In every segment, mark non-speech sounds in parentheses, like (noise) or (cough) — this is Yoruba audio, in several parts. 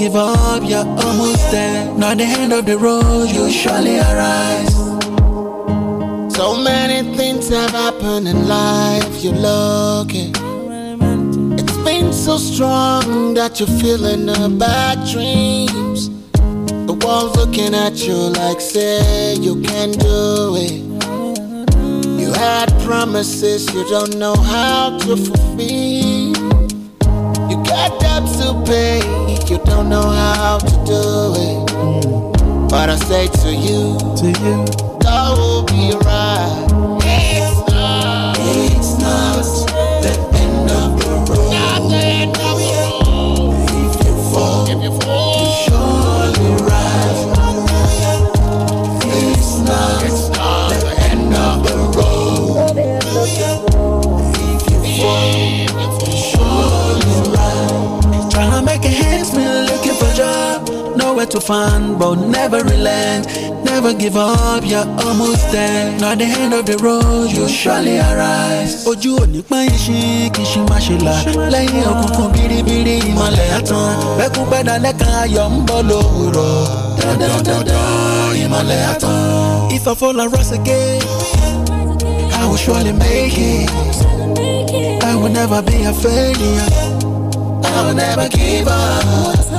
give up, you're almost there. Not the end of the road, you surely arise. So many things have happened in life, you're lucky. It's been so strong that you're feeling the bad dreams. The world's looking at you like, say, you can do it. You had promises you don't know how to fulfill. You got debts to pay you don't know how to do it. Mm. But I say to you, to you to find, but never relent. Never give up, you're almost there. Not the end of the road, you surely arise. Ojú ni pọ́n iṣin kì í ṣe má ṣe là. Lẹ́yìn òkùnkùn bìrìbìrì ìmọ̀lẹ̀ àtàn. Bẹ́kún pẹ́dà do ayọ̀ ń bọ̀ lówùrọ̀. àtàn. If I fall and rise again, I will surely make it. I will never be a failure. I will never give up.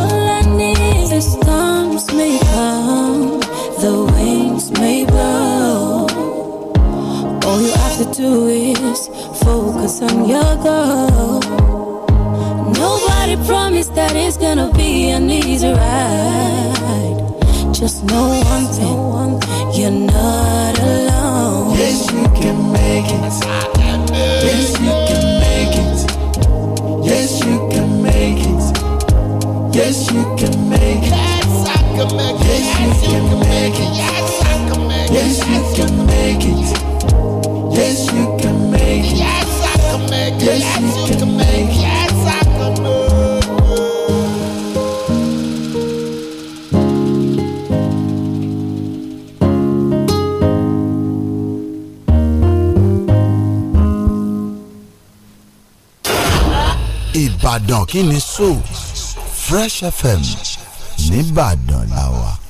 can make it. Yes, you can make it. Yes, I can make it. Yes, yes you can make it. Yes, I can make it. Ìbàdàn kí ni so Fresh FM nìbàdàn làwà.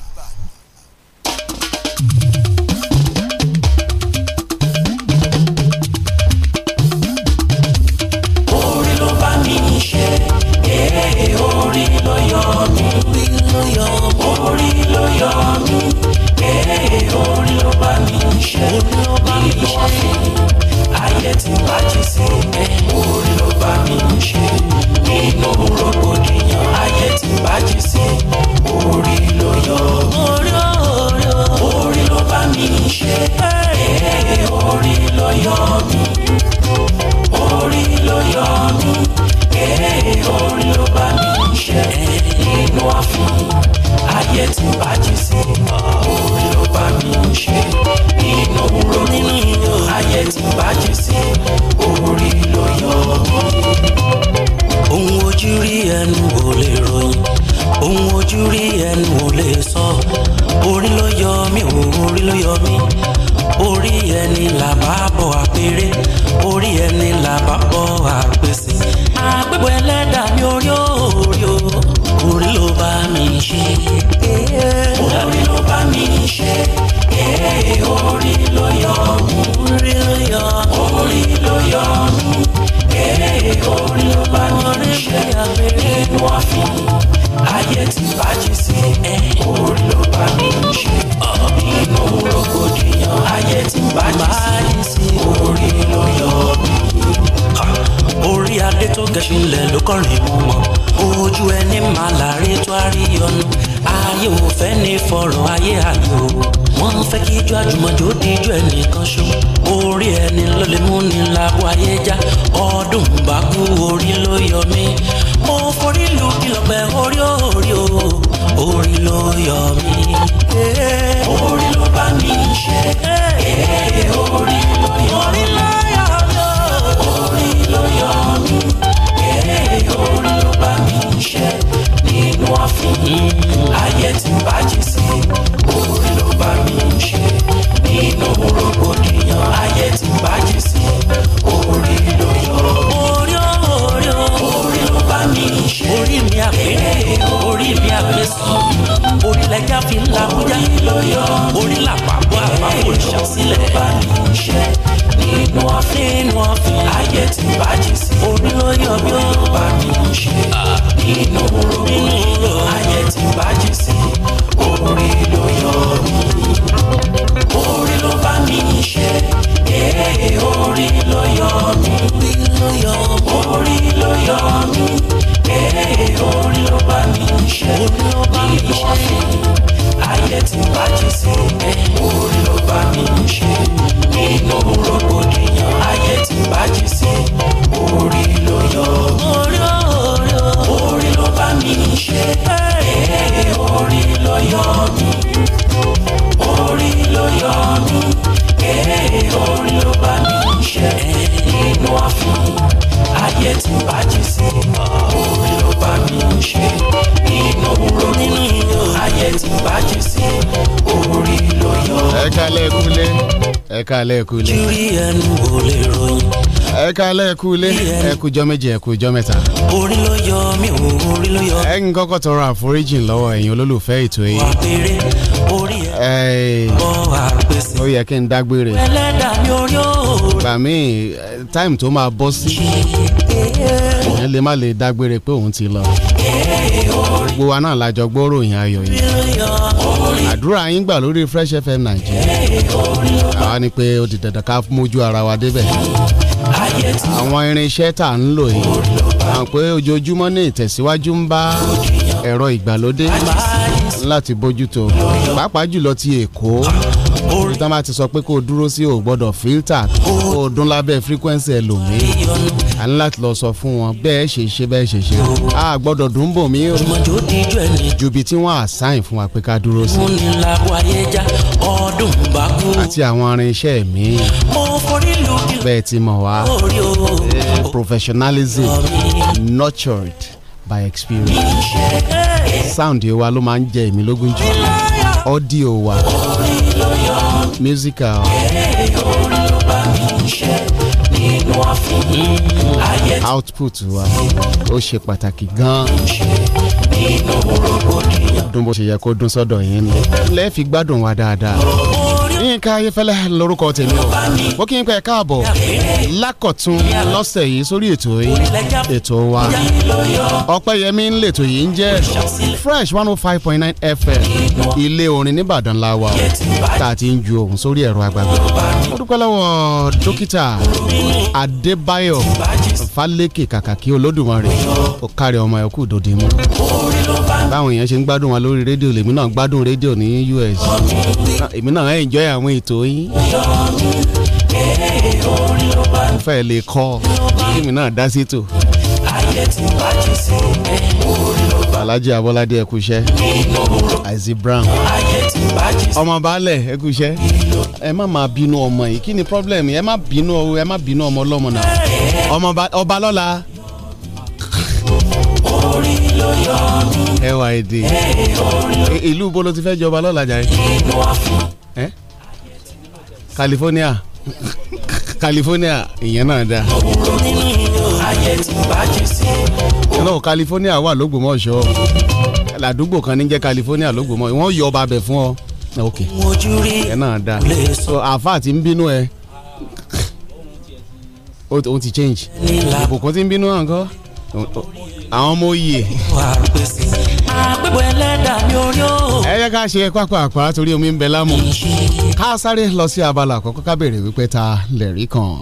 káalẹ́ ẹ̀kú ilé. julian ò lè ròyìn. ẹ káalẹ́ ẹ̀kú ilé ẹ̀kú jọ méje ẹ̀kú jọ mẹ́ta. orí ló yọ mí ò orí ló yọ. ẹ ń kọ́kọ́ tọrọ àforíjì lọ́wọ́ ẹ̀yin olólùfẹ́ ètò yìí. wà á péré orí ẹ̀ bọ́ ó yẹ kí n dágbére. ẹlẹ́dàá mi táìmù tó máa bọ́ sí. èèyàn lè má lè dágbére pé òun ti lọ. èèyàn gbogbo wa náà lájọ gbóròyìn ayọ̀ yìí àdúrà yín gbà lórí Fresh FM Nàìjíríà àwa ni pé ó ti dandan ká mójú ara wa débẹ̀ àwọn irinṣẹ́ tá à ń lò yìí à pé ojoojúmọ́ ní ìtẹ̀síwájú ń bá ẹ̀rọ ìgbàlódé láti bójútó pàápàá jùlọ ti Èkó ìtàn bá ti sọ pé kó o dúró sí o gbọ́dọ̀ fíltà kó o dún lábẹ́ frequency ẹlòmíì a ní láti lọ sọ fún wọn bẹ́ẹ̀ ṣe ṣe bẹ́ẹ̀ ṣe ṣe a gbọ́dọ̀ dùn bò mí o ju ibi tí wọ́n àṣàyàn fún wa pé ká dúró sí àti àwọn irinṣẹ́ mi bẹ́ẹ̀ ti mọ̀ wá eh, professionalism nurtured by experience sound wa ló máa ń jẹ èmi lógún jù audio wa musical output wa ó ṣe pàtàkì gan-an dún bó ṣe yẹ kó dún sọ́dọ̀ yín ni lẹ́ẹ̀ gbádùn wa dáadáa. Yínká Ayéfẹ́lẹ́ lórúkọ tèmi o mo kí n pẹ́ káàbọ̀ lákọ̀tún lọ́sẹ̀ yìí sórí ètò yìí ètò wa Ọpẹ́yẹmí ń lètò yìí ń jẹ́ Fresh one oh five point nine FM ilé orin nìbàdàn la wà tá a ti ń ju òun sórí ẹ̀rọ agbára mo lọ́wọ́ dókítà Adébáyọ̀ fálékè kàkà kí olódùmarè ó kárí ọmọ ẹ̀kú dòdì mú. báwọn èèyàn ṣe ń gbádùn wa lórí rédíò lèmi náà gbádùn rédíò ní US èmi náà ẹ̀ ń àwọn ètò yín. mo fẹ́ lè kọ́ èmi náà dá sí tò. Alhaji Abolade ẹ kúṣẹ́ Brown ọmọ baálẹ̀ ẹ ẹ má máa bínú ọmọ yìí kí ni problem ẹ má bínú ọmọ ọlọ́mọ náà ọmọ ọba lọ́la. orí ló ìlú ibo ti fẹ́ jọba lọ́la jàre. California California ìyẹn náà dáa. náà California wà l'Ógbómọ̀ṣọ́ ládùúgbò kan ní jẹ́ California l'Ógbómọ̀ṣọ́ wọ́n yọ ọba abẹ fún ọ. ìyẹn náà dáa so àfa àti ń bínú ẹ. Eh òun ti change ìbùkún ti ń bínú hàn kọ́ àwọn ọmọ òye. ẹ jẹ́ ká ṣe pápá àpá torí omi ń bẹ lámú ká sáré lọ sí abala àkọ́kọ́ ká béèrè wípé ta lẹ̀rí kan.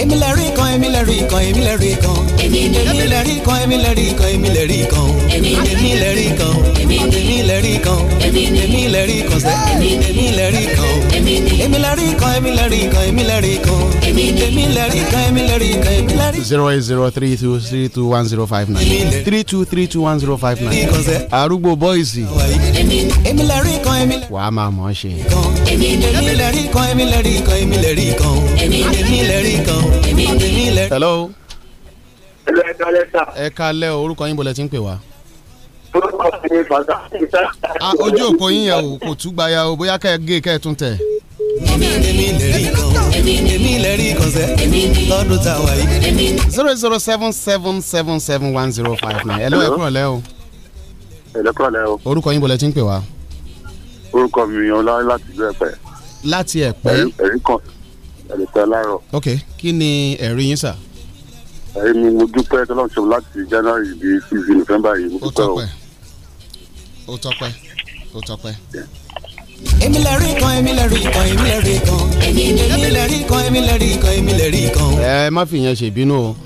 èmi lẹ̀rí kan èmi lẹ̀rí kan èmi lẹ̀rí kan. èmi lẹ̀rí kan èmi lè kan èmi lè kan èmi lè kan èmi lè kan èmi lè kan èmi lè kan èmi lè kan èmi lè kan èmi lè kan èmi lè kan èmi lè kan èmi lè rí. zero eight zero three two three two one zero five nine three two three two one zero five nine arúgbó bọ́ìsì wàá máa mọ̀ ṣe. èmi lè kan èmi lè kan èmi lè kan èmi lè kan èmi lè kan. hello ẹ kalẹ́ sà. ẹ kalẹ́ orúkọ yín bọ̀lẹ̀ tí ń pè wá. orúkọ mi ni fàtà ìta. Ah, ojú òpó yín yẹn o kò tún gbaya o bóyá kẹ́ ẹ gé kẹ́ ẹ tún tẹ̀. èmi lè rí kan èmi lè rí kan sẹ́ lọ́dún tá a wà yìí. zero zero seven seven seven seven one zero five nine ẹ̀lọ́ ẹ̀kúrọ̀ lẹ́ o. ẹ̀lẹ́kúrọ̀ lẹ́ o. orúkọ yín bọ̀lẹ̀ tí ń pè wá. orúkọ mi ọlá láti ìlú ẹ̀pẹ́. láti ẹ̀pẹ́. ẹ̀rí kan ẹ̀rí kan láàárọ̀. ok kí ni ẹ̀rí yín sà èmi mo dúpẹ́ tọ́lọ́ ṣe láti january di six november yìí mo dúpẹ́ o. ó tọ́pẹ́ ó tọ́pẹ́ ó tọ́pẹ́ èmi lè rí kan èmi lè rí kan èmi lè rí kan èmi lè rí kan èmi lè rí kan èmi lè rí kan. ẹ má fi ìyẹn ṣèbínú o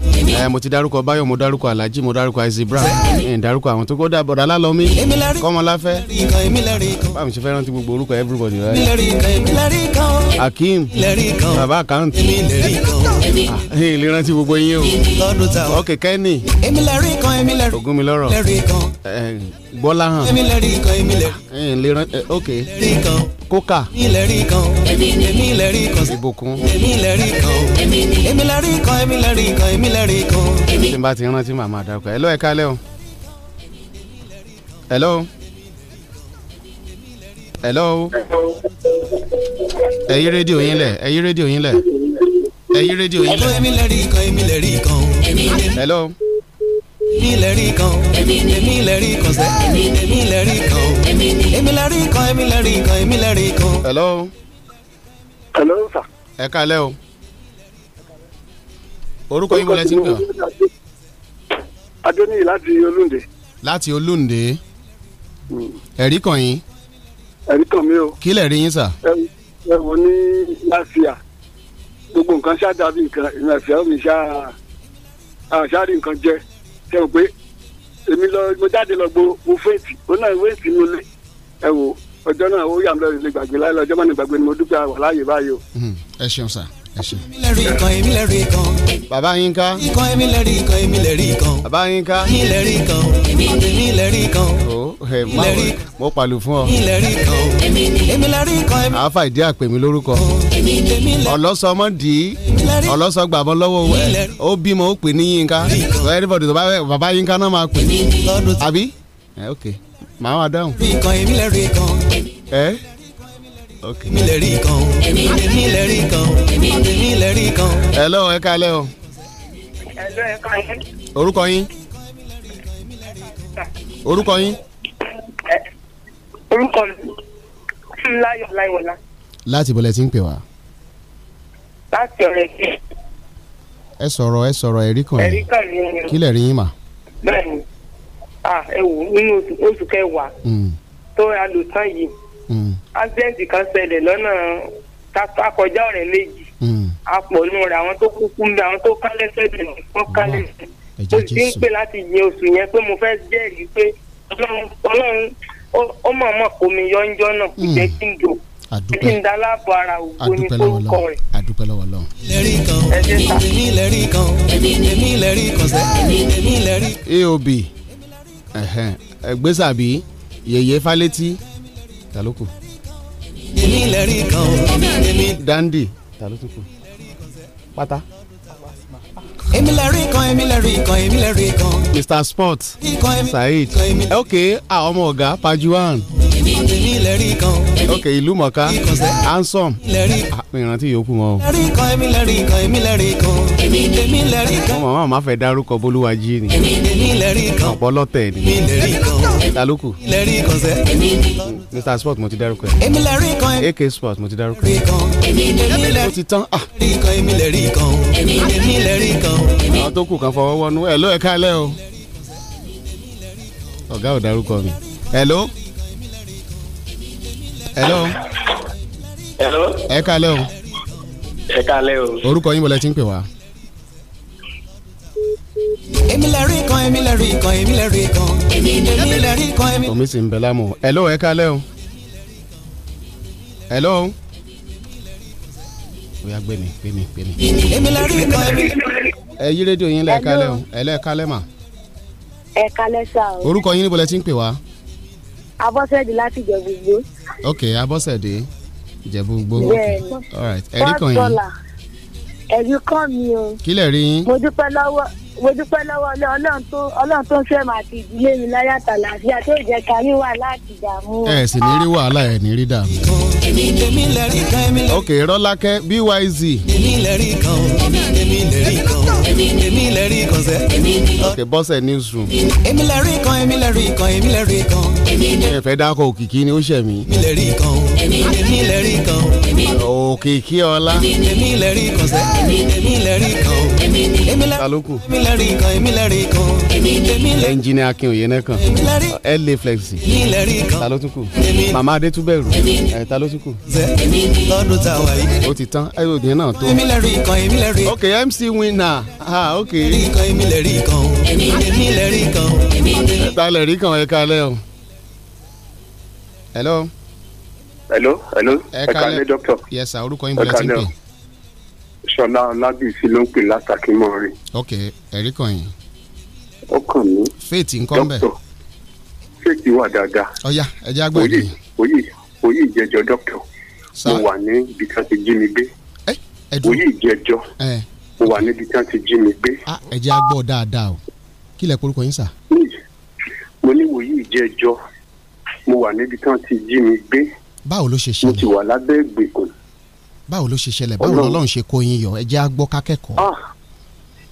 ẹ mo ti darúkọ Báyọ̀ mo darúkọ Alhaji mo darúkọ Isaac Brown ẹ ń darúkọ àwọn tó kó dà bọ̀dá lálọ́mí Kọ́mọláfẹ́ báwo ṣe fẹ́ rántí gbogbo orúkọ everybody rẹ Akeem baba account ẹ lè rántí gbogbo yín o ok Kenny Ògúnmilọ́rọ̀ Gbọ́láhàn ẹ lè rántí ok kan. kókà. èmi lè rí kan. èmi lè rí kan. ìbùkún. èmi lè rí kan. èmi lè rí kan. èmi lè rí kan. èmi lè rí kan. tí n bá ti rántí màmá àdàkọ ẹ lọ ẹ kálẹ̀ o. hello. hello. ẹ yí rédíò yín lẹ̀ ẹ yí rédíò yín lẹ̀ ẹ yí rédíò yín lẹ̀. hello èmi lè rí kan èmi lè rí kan sẹ́ èmi lè rí kan èmi lè rí kan èmi lè rí kan èmi lè rí kan. hello. hello sir. ẹ kalẹ́ o orúkọ yín mo lẹ ti ń kàn. adóníyì láti olóńde. láti olóńde. Hmm. ẹ̀rí kan yín. ẹ̀rí kan mi o. kí lè rí yín sà. ẹ wò ní láfíà gbogbo nǹkan ṣáà dàbí nǹkan ìrìnàfíà omi ṣáà ṣáà rí nǹkan jẹ ṣe o pé èmi lọ mo jáde lọ gbo mo fèsì ó náà wéèsì mi lé ẹ wò ọjọ́ náà ó yà mí lọ ilé gbàgbé láyé lọ́jọ́ mọ́ni gbàgbé ni mo dúpẹ́ wà láàyè báyìí o. Hmm, ẹ ṣeun sir ẹ ṣe. bàbá yín ká. bàbá yín ká. o ẹ má wọ mo pàlù fún ọ. àáfà ìdí àpè mi lórúkọ. ọlọ́sọmọ dì í ọlọ́sọ gbàbọ́ lọ́wọ́ ó bímọ ó pè ní yínká everybody tó bàbá yínká náà máa pè àbí ok màá wà dáhùn. ẹ. Eh? èmi hello ẹ kálẹ́ o. hello ẹ kálẹ́. orúkọ yín. orúkọ yín. orúkọ mi láyọ̀ láyọ̀lá. láti bọ̀lẹ̀ tí ń pè wá. láti ọ̀rẹ́ kí. ẹ sọ̀rọ̀ ẹ sọ̀rọ̀ ẹ̀rí kan yín ẹ̀rí kan yín kí lè rí yín mà. bẹ́ẹ̀ni ẹ wò nínú oṣù kẹwàá hmm. tó a lò tán yìí. accident kan ṣẹlẹ̀ lọ́nà akọjá ọ̀rẹ́ méjì hmm. apọ̀nù rẹ̀ àwọn tó kúkú ń bẹ àwọn tó kálẹ̀ sẹ́dẹ̀ wọ́n kálẹ̀ mo sì ń pè láti yin oṣù yẹn pé mo fẹ́ jẹ́rìí pé ọlọ́run ó mọ̀ mọ̀ kó mi yọ́njọ́ náà kò hmm. kí èmi lẹ́rìí kan èmi. dandi ta ló tún kù pátá. èmi lẹ́rìí kan èmi lẹ́rìí kan kan. mr sport saheed ok àwọn ọmọ ọ̀gá pajuwan ok ìlú mọ̀ká handsome ìrántí ah, yòókù mọ́ o. èmi lẹ́rìí kan èmi lẹ́rìí kan èmi lẹ́rìí kan èmi lè kan. ọmọ màmá fẹ́ dárúkọ bolúwájí ni èmi lè kan ọ̀pọ̀ ni èmi lè rí kan taluku mr sport mo ti dárúkọ ẹ èmi lè kan ak sport mo ti dárúkọ ẹ èmi lè rí kan èmi lè ah. kan èmi lè kan. àwọn tó kù kan fọwọ́ wọnú ẹ̀ ló ẹ̀ ká lẹ́ o ọ̀gá ò dárúkọ mi ẹ̀ ló hello. hello. ẹ kalẹ o. ẹ kalẹ o. orúkọ yín bọ̀lẹ́ tí ń pè wá èmi lè rí kan èmi lè rí kan èmi lè rí kan èmi lè rí kan èmi. omi sì ń bẹ lámù hello ẹ kálẹ́ o hello o yà gbé mi gbé mi gbé mi. èmi lè rí kan èmi. ẹ yí rédíò yín lẹ kálẹ́ o ẹ lẹ kálẹ́ mà. ẹ kálẹ́ sá o. orúkọ yín níbo lẹ ti ń pè wá. abọ́sẹ̀dé láti Ìjẹ̀bú Igbó. ok abọ́sẹ̀dé Ìjẹ̀bú Igbó. bẹ́ẹ̀ni ẹ̀rí kan yín. ẹ̀rí kan mi o. kí rí yín. mo dúpẹ́ lọ́wọ́ mo dúpẹ́ lọ́wọ́ ọlọ́run tó ọlọ́run tó ń fẹ́ máa ti ìdílé mi láyàtà làbíà tó jẹ́ ká ní wàhálà àti ìdààmú. ẹ sì ní rí wàhálà ẹ ní rí dààmú. èmi èmi lè kan èmi lè ok rọ́lákẹ́ byz. èmi lè kan èmi èmi lè kan èmi lè rí kan sẹ́. ok bọ́sẹ̀ newsroom. èmi lè kan èmi lè kan èmi lè kan ẹ fẹ́ dákọ̀ òkìkí ni ó ṣẹ̀ mí. òkìkí ọlá. talókù. ẹnjìnìà akin òye náà kan la flexi talótùkù mama adétúbẹ̀rù talótùkù. ó ti tán ẹ yóò dín náà tó. ok mc winner ah ok. ta lè rí kan ẹ kalẹ́ o hello. hello hello ẹ kálẹ́ doctor. yes sir orúkọ yín bọ̀lẹ́ tí ń pè. sọlá ọlábìsí ló ń pè látàkímọ́rin. ok ẹ̀rí kan yìí. ó kàn mí. faith nǹkan bẹ́ẹ̀. faith wà dáadáa. ọ̀ya ẹ̀jẹ̀ àgbà yìí. òyì òyì ìjẹjọ doctor. mo wà ní ibi tí wọ́n ti jí mi gbé. òyì ìjẹjọ mo wà níbi tí wọ́n ti jí mi gbé. Ah, ẹ̀jẹ̀ àgbọ̀ dáadáa o kí lẹ̀ korúkọ yín sà. mo ní wòyí ìjẹjọ mo wà níbi tí wọ́n ti jí mi gbé. báwo ló ṣe ṣẹlẹ̀ mo ti wà lábẹ́ ìgbèkùn. báwo ló ṣe ṣẹlẹ̀ báwo lọ́lọ́run ṣe kó yín yọ ẹ jẹ́ àgbọ́ ah,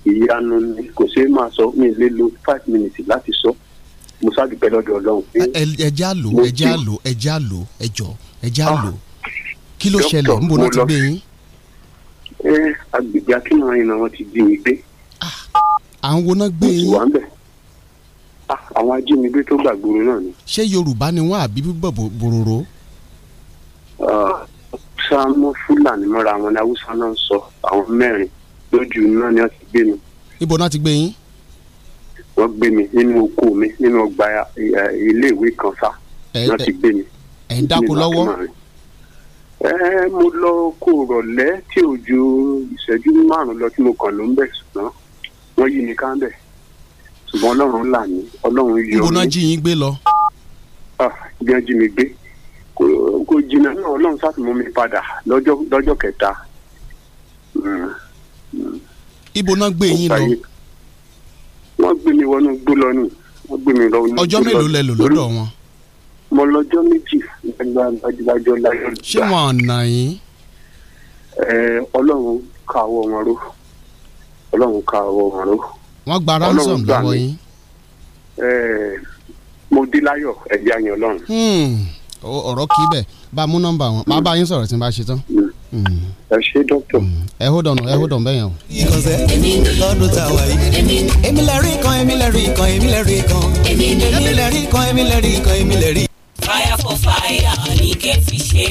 ìyanu ni kò ṣeé máa sọ mi lè lo five minutes láti sọ mo ṣàdùpẹ́ lọ́dọ̀ ọlọ́run. ẹ jẹ́ àlò ẹ jẹ́ àlò ẹ jẹ́ àlò ẹ jọ ẹ jẹ́ àlò ah. kí ló ṣẹlẹ̀ níbo náà ti gbé yín. ẹ eh, agbègbè akínrin náà wọn ti jí mi gbé. Ah, à ń woná gbé yín. mo ti wà ń bẹ̀ Ah, àwọn ajínigbé tó gbàgbóró náà ni. ṣé yorùbá ni wọn àbí bíbọ̀ bòròró. haúsá ah, mọ fúlàní mọ́ra àwọn ní haúsá náà ń sọ àwọn mẹ́rin lójú náà ni wọ́n ti gbé mi. ibo náà ti gbé yín. wọ́n gbé mi nínú oko mi nínú ọgbà eh, iléèwé kan sá náà ti gbé mi. ẹ̀ ń dáko lọ́wọ́. ẹ eh, mo lọ kó rọ̀lẹ́ tí òjò ìṣẹ́jú márùn-ún lọ tí mo kàn ló ń bẹ̀ ṣùgbọ́n wọ́n yí mi ká ń bẹ̀ ṣùgbọ́n ọlọ́run là ní ọlọ́run yọ mí. níbo jí yín gbé lọ. Ah, bí jí mi gbé kò jìnnà náà ọlọ́run sàtìmú mi padà lọ́jọ́ kẹta. Hmm, hmm. ibo gbé yín lọ. wọ́n gbé mi wọnú gbó lọ wọ́n gbé mi lọ. ọjọ́ mélòó lẹ lò lọ́dọ̀ wọn. mo lọ́jọ́ méjì gbajúgbajọ́ láyọ̀ gbà. ṣé wọn àná yín. Eh, ọlọ́run káwọ́ wọn ró ọlọ́run káwọ́ wọn ró wọ́n gba ransom lọ́wọ́ yín. mo di láyọ̀ ẹ̀jẹ̀ àyàn ọlọ́run. Hmm. ọ̀rọ̀ kì í bẹ̀ bá a mú nọ́mbà wọn bá a bá yín sọ̀rọ̀ tí n bá ṣe tán. Hmm. Hmm. ẹ ṣe dókítà. ẹ hold on ẹ hold on bẹ́ẹ̀ yẹn o. lọ́dún tá a wà yìí. èmi lẹ́rìí kan èmi lẹ́rìí kan èmi lẹ́rìí kan èmi lẹ́rìí kan èmi lẹ́rìí kan èmi lẹ́rìí fire for fire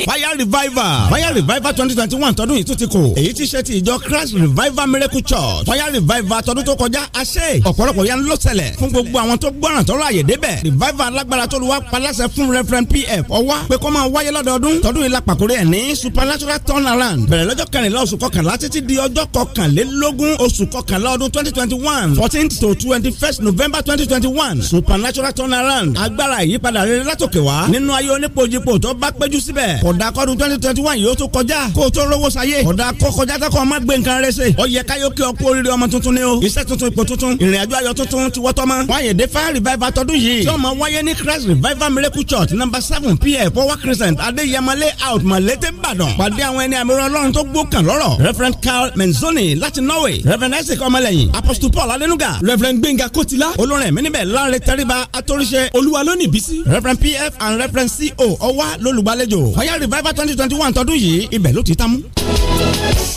fire revival fire revival twenty twenty one tọdún yìí tún ti kù èyí ti ṣe ti ìjọ christ revival miracle church fire revival tọdún tó kọjá a ṣe ọ̀pọ̀lọpọ̀ yẹn ló ṣẹlẹ̀ fún gbogbo àwọn tó gbọ́ràn tọ́lọ́ àyè débẹ̀ revival alágbára tó lu wá paláṣẹ fún referent pf ọwá pé kó máa wáyé lọ́dọọdún tọdún yìí la pàkórí ẹ̀ ní supernatural turnaround bẹ̀rẹ̀ lọ́jọ́ kẹrìnlá oṣù kọkànlá títí di ọjọ́ kọkànlélógún oṣù kọkànlá ọdún twenty twenty one fourteenth to twenty first november twenty twenty one supernatural turnaround agbára ìyípadà rere látòkè nínú ayé onípojípo tó bá péjú síbẹ̀ kódà kọ́dún twenty twenty one yóò tó kọjá kó o tó rówó sáyé kódà kó kọjá tó kọ́ ọ gbé nǹkan rẹ ṣe ó yẹ káyọ̀ kí ọ oríire ọmọ tuntun ni o iṣẹ́ tuntun ipò tuntun ìrìn àjò ayọ̀ tuntun ti wọ́tọ́ mọ́ wáyéde fire revival tọdún yìí tí ó máa wáyé ní Christ revival miracle church number seven pm power crescent adéyẹmọlé out malete Ìbàdàn pàdé àwọn ẹni àmì Ọlọ́run tó gbó kan lọ́rọ̀ reverend Carl Menzoni láti Norway reverend Isaac Ọmọlẹ́yìn apostle Paul Alenuga reverend Gbénga Kotila olórin mi níbẹ̀ Lanre Tẹ́ríba atóríṣẹ́ olúwa lónìí bísí reverend pf and and reference co e ọwá lólùgbàlejò ọ̀yá revival twenty twenty one tọdún yìí ibẹ̀ ló ti tán mú.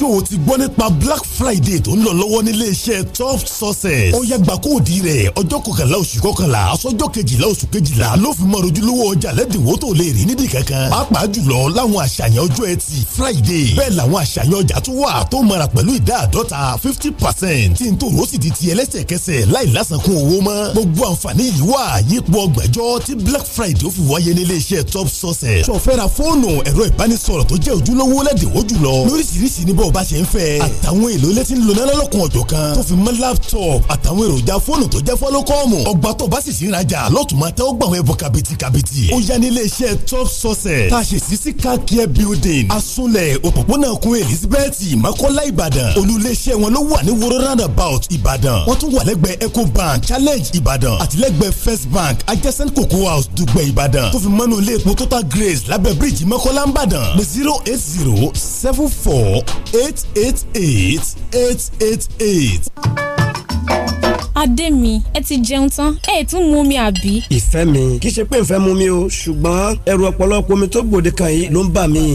ṣó o ti gbọ́ nípa black friday tó ń lọ lọ́wọ́ nílé iṣẹ́ top sources ó yàgbà kóòdì rẹ̀ ọjọ́ kọkànlá oṣù kọkànlá aṣọ́jọ́ kejìlá oṣù kejìlá ló fi mọ ojúlówó ọjà lẹ́dínwó tó lè rí níbi kankan pàápàá jùlọ láwọn àṣàyàn ọjọ́ ẹtì friday bẹ́ẹ̀ làwọn àṣàyàn ọjà tó wà tó mara pẹ̀lú ìdá àdọ́ta fifty percent tí n tó rọ́ọ̀sì di ti ẹlẹ́sẹ̀kẹsẹ̀ láì lásàkún owó mọ́ gbogbo àǹfààní yìí wà yípo ọgbẹ̀jọ́ tí black friday ó fi láàyè ní iléeṣẹ́ top sources. sọfẹ́ra fóònù ẹ̀rọ ìbánisọ̀rọ̀ tó jẹ́ ojúlówó lẹ́dínwó jùlọ lóríṣiríṣi ní bọ́ọ̀ bá ṣe ń fẹ́. àtàwọn èlò ilé tí ń lona lọ́lọ́kun ọ̀jọ̀ kan tó fi mọ́ laptop àtàwọn èròjà fóònù tó jẹ́ fọ́lọ́kọ́ọ̀mù ọgbà tó bá sì sí ìrajà lọ́tùmọ̀ tẹ́ wọn ẹ̀bùn top sources tá a ṣe sí sí car care building asunlẹ̀ òpópónà kun elizabeth makola ìbàdàn olùléeṣẹ́ wọn ló wà ní woro roundabout ìbàdàn wọ́n tún wà lẹ́gbẹ̀ẹ́ ecobank challenge ìbàdàn àtìlẹ́gbẹ̀ẹ́ first bank adjacent cocoa house dùgbẹ̀ ìbàdàn tó fi mọ́nú ilé epo total grace lábẹ́ bíríìjì mọ́kọ́lá ń bàdàn pé zero eight zero seven four eight eight eight eight eight eight adé mi ẹ ti jẹun tán ẹ ẹ tún mú mi àbí. ìfẹ́ mi kì í ṣe pé ń fẹ́ mú mi o ṣùgbọ́n ẹrù ọ̀pọ̀lọpọ̀ omi tó gbòde kan yìí ló ń bà mí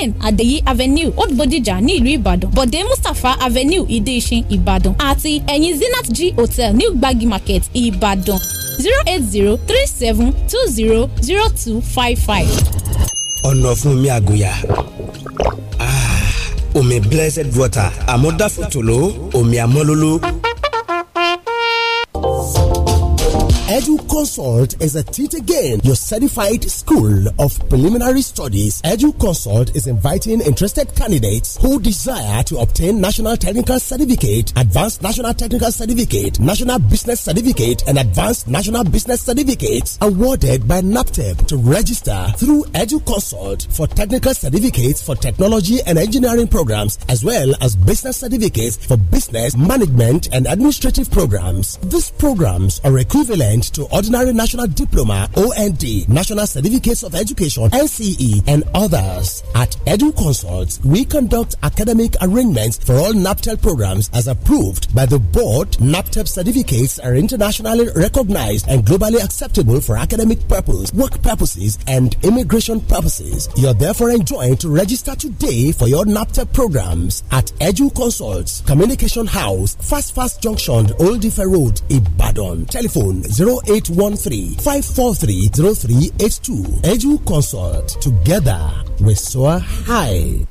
ten Adéyí avenue Old Bodija ní ìlú Ìbàdàn Bọ̀dé Mustapha avenue Ìdí-Ìṣin Ìbàdàn àti ẹ̀yìn Zenith G Hotel New Gbagi Market Ìbàdàn zero eight zero three seven two zero zero two five five. ọ̀nà fún mi àgùyà ah, omi blessed water àmúdáfòtòló omi àmọ́lóló Edu Consult is a it again, your certified school of preliminary studies. Edu Consult is inviting interested candidates who desire to obtain national technical certificate, advanced national technical certificate, national business certificate, and advanced national business certificates awarded by NAPTEP to register through Edu Consult for technical certificates for technology and engineering programs, as well as business certificates for business management and administrative programs. These programs are equivalent to ordinary national diploma, OND, national certificates of education, NCE, and others. At Edu Consults, we conduct academic arrangements for all NAPTEL programs as approved by the board. NAPTEL certificates are internationally recognized and globally acceptable for academic purposes, work purposes, and immigration purposes. You're therefore enjoined to register today for your NAPTEL programs at Edu Consults, Communication House, Fast Fast Junction, Old Ife Road, Ibadan. Telephone 0 0813 543 0382. Edu Consult. Together, we soar high.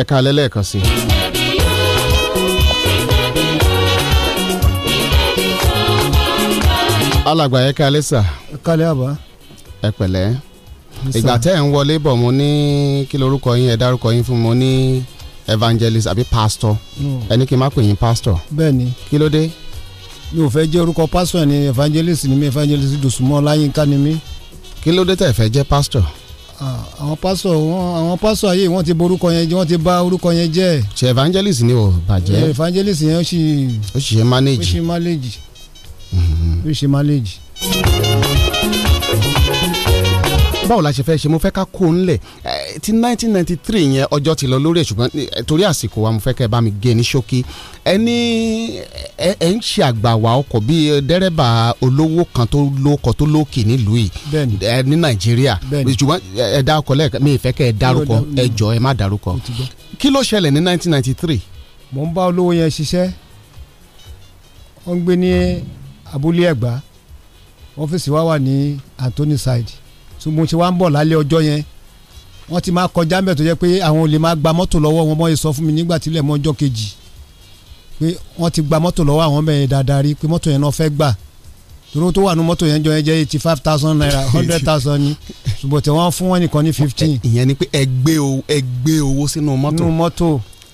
ẹ̀ka lẹ́lẹ́ẹ̀kan sí i. alàgbà ẹ kalẹ sà. ẹ kalẹ àbá. ẹ pẹ̀lẹ́ ìgbà tẹ́ ẹ̀ ń wọlé bọ̀ mo ní kí lorúkọ yín ẹ dárúkọ yín fún mo ní evangelist àbí pastor ẹni kí n má pè yín pastor. bẹ́ẹ̀ni kí ló dé. mi ò fẹ́ jẹ́ orúkọ pastor ni evangelist ni mi evangelist Dòsùnmọ́ Ọláyínká ni mi. kí ló dé tẹ́ ẹ fẹ́ jẹ́ pastor. Ah, àwọn pásọ àwọn pásọ ayé wọn ti borúkọ yẹn wọn ti bà orúkọ yẹn jẹ́. ṣe evangelist ni o bàjẹ́. Eh, evangelist yẹn ó sì. ó sì ṣe manage. ó sì manage. Mhm. ó sì manage. báwo la ṣe fẹ́ ṣe mo fẹ́ ká kó o ńlẹ̀ ẹ eh, ti 1993 yẹn ọjọ́ ti lọ lórí ẹ̀ ṣùgbọ́n eh, torí àsìkò wa mo fẹ́ kẹ́ ẹ bá mi gé e ní ṣókí ẹ ní ẹ ń ṣe àgbàwà ọkọ̀ bíi eh, dẹ́rẹ́bà olówó kan tó lóko tó lókì nílùú yìí ní nàìjíríà ṣùgbọ́n eh, ẹ dárúkọ lẹ́ẹ̀kan mi ìfẹ́ kẹ́ ẹ dárúkọ ẹ jọ ẹ má dárúkọ kí ló ṣẹlẹ̀ ní 1993. mo ń bá olówó yẹn ṣiṣẹ́ wọ́n ń gbé ní abúlé ẹ̀gbá ọ́fíìsì side tí mo ṣe wá wọ́n ti máa kọjá mbẹ́ tó jẹ́ pé àwọn olè máa gba mọ́tò lọ́wọ́ wọn mọ́ sọ fún mi nígbà tí ilẹ̀ mọ́ ọjọ́ kejì pé wọ́n ti gba mọ́tò lọ́wọ́ àwọn bẹ́ẹ̀ dáadáa rí pé mọ́tò yẹn náà fẹ́ gbà toro tó wà nù mọ́tò yẹn jọ yẹn jẹ́ eighty five thousand naira (laughs) hundred thousand ni ṣùgbọ́n tí wọ́n fún wọn nìkan ní fifteen. ìyẹn ni pé ẹ gbé owó ẹ gbé owó sínú mọ́tò. nínú mọ́tò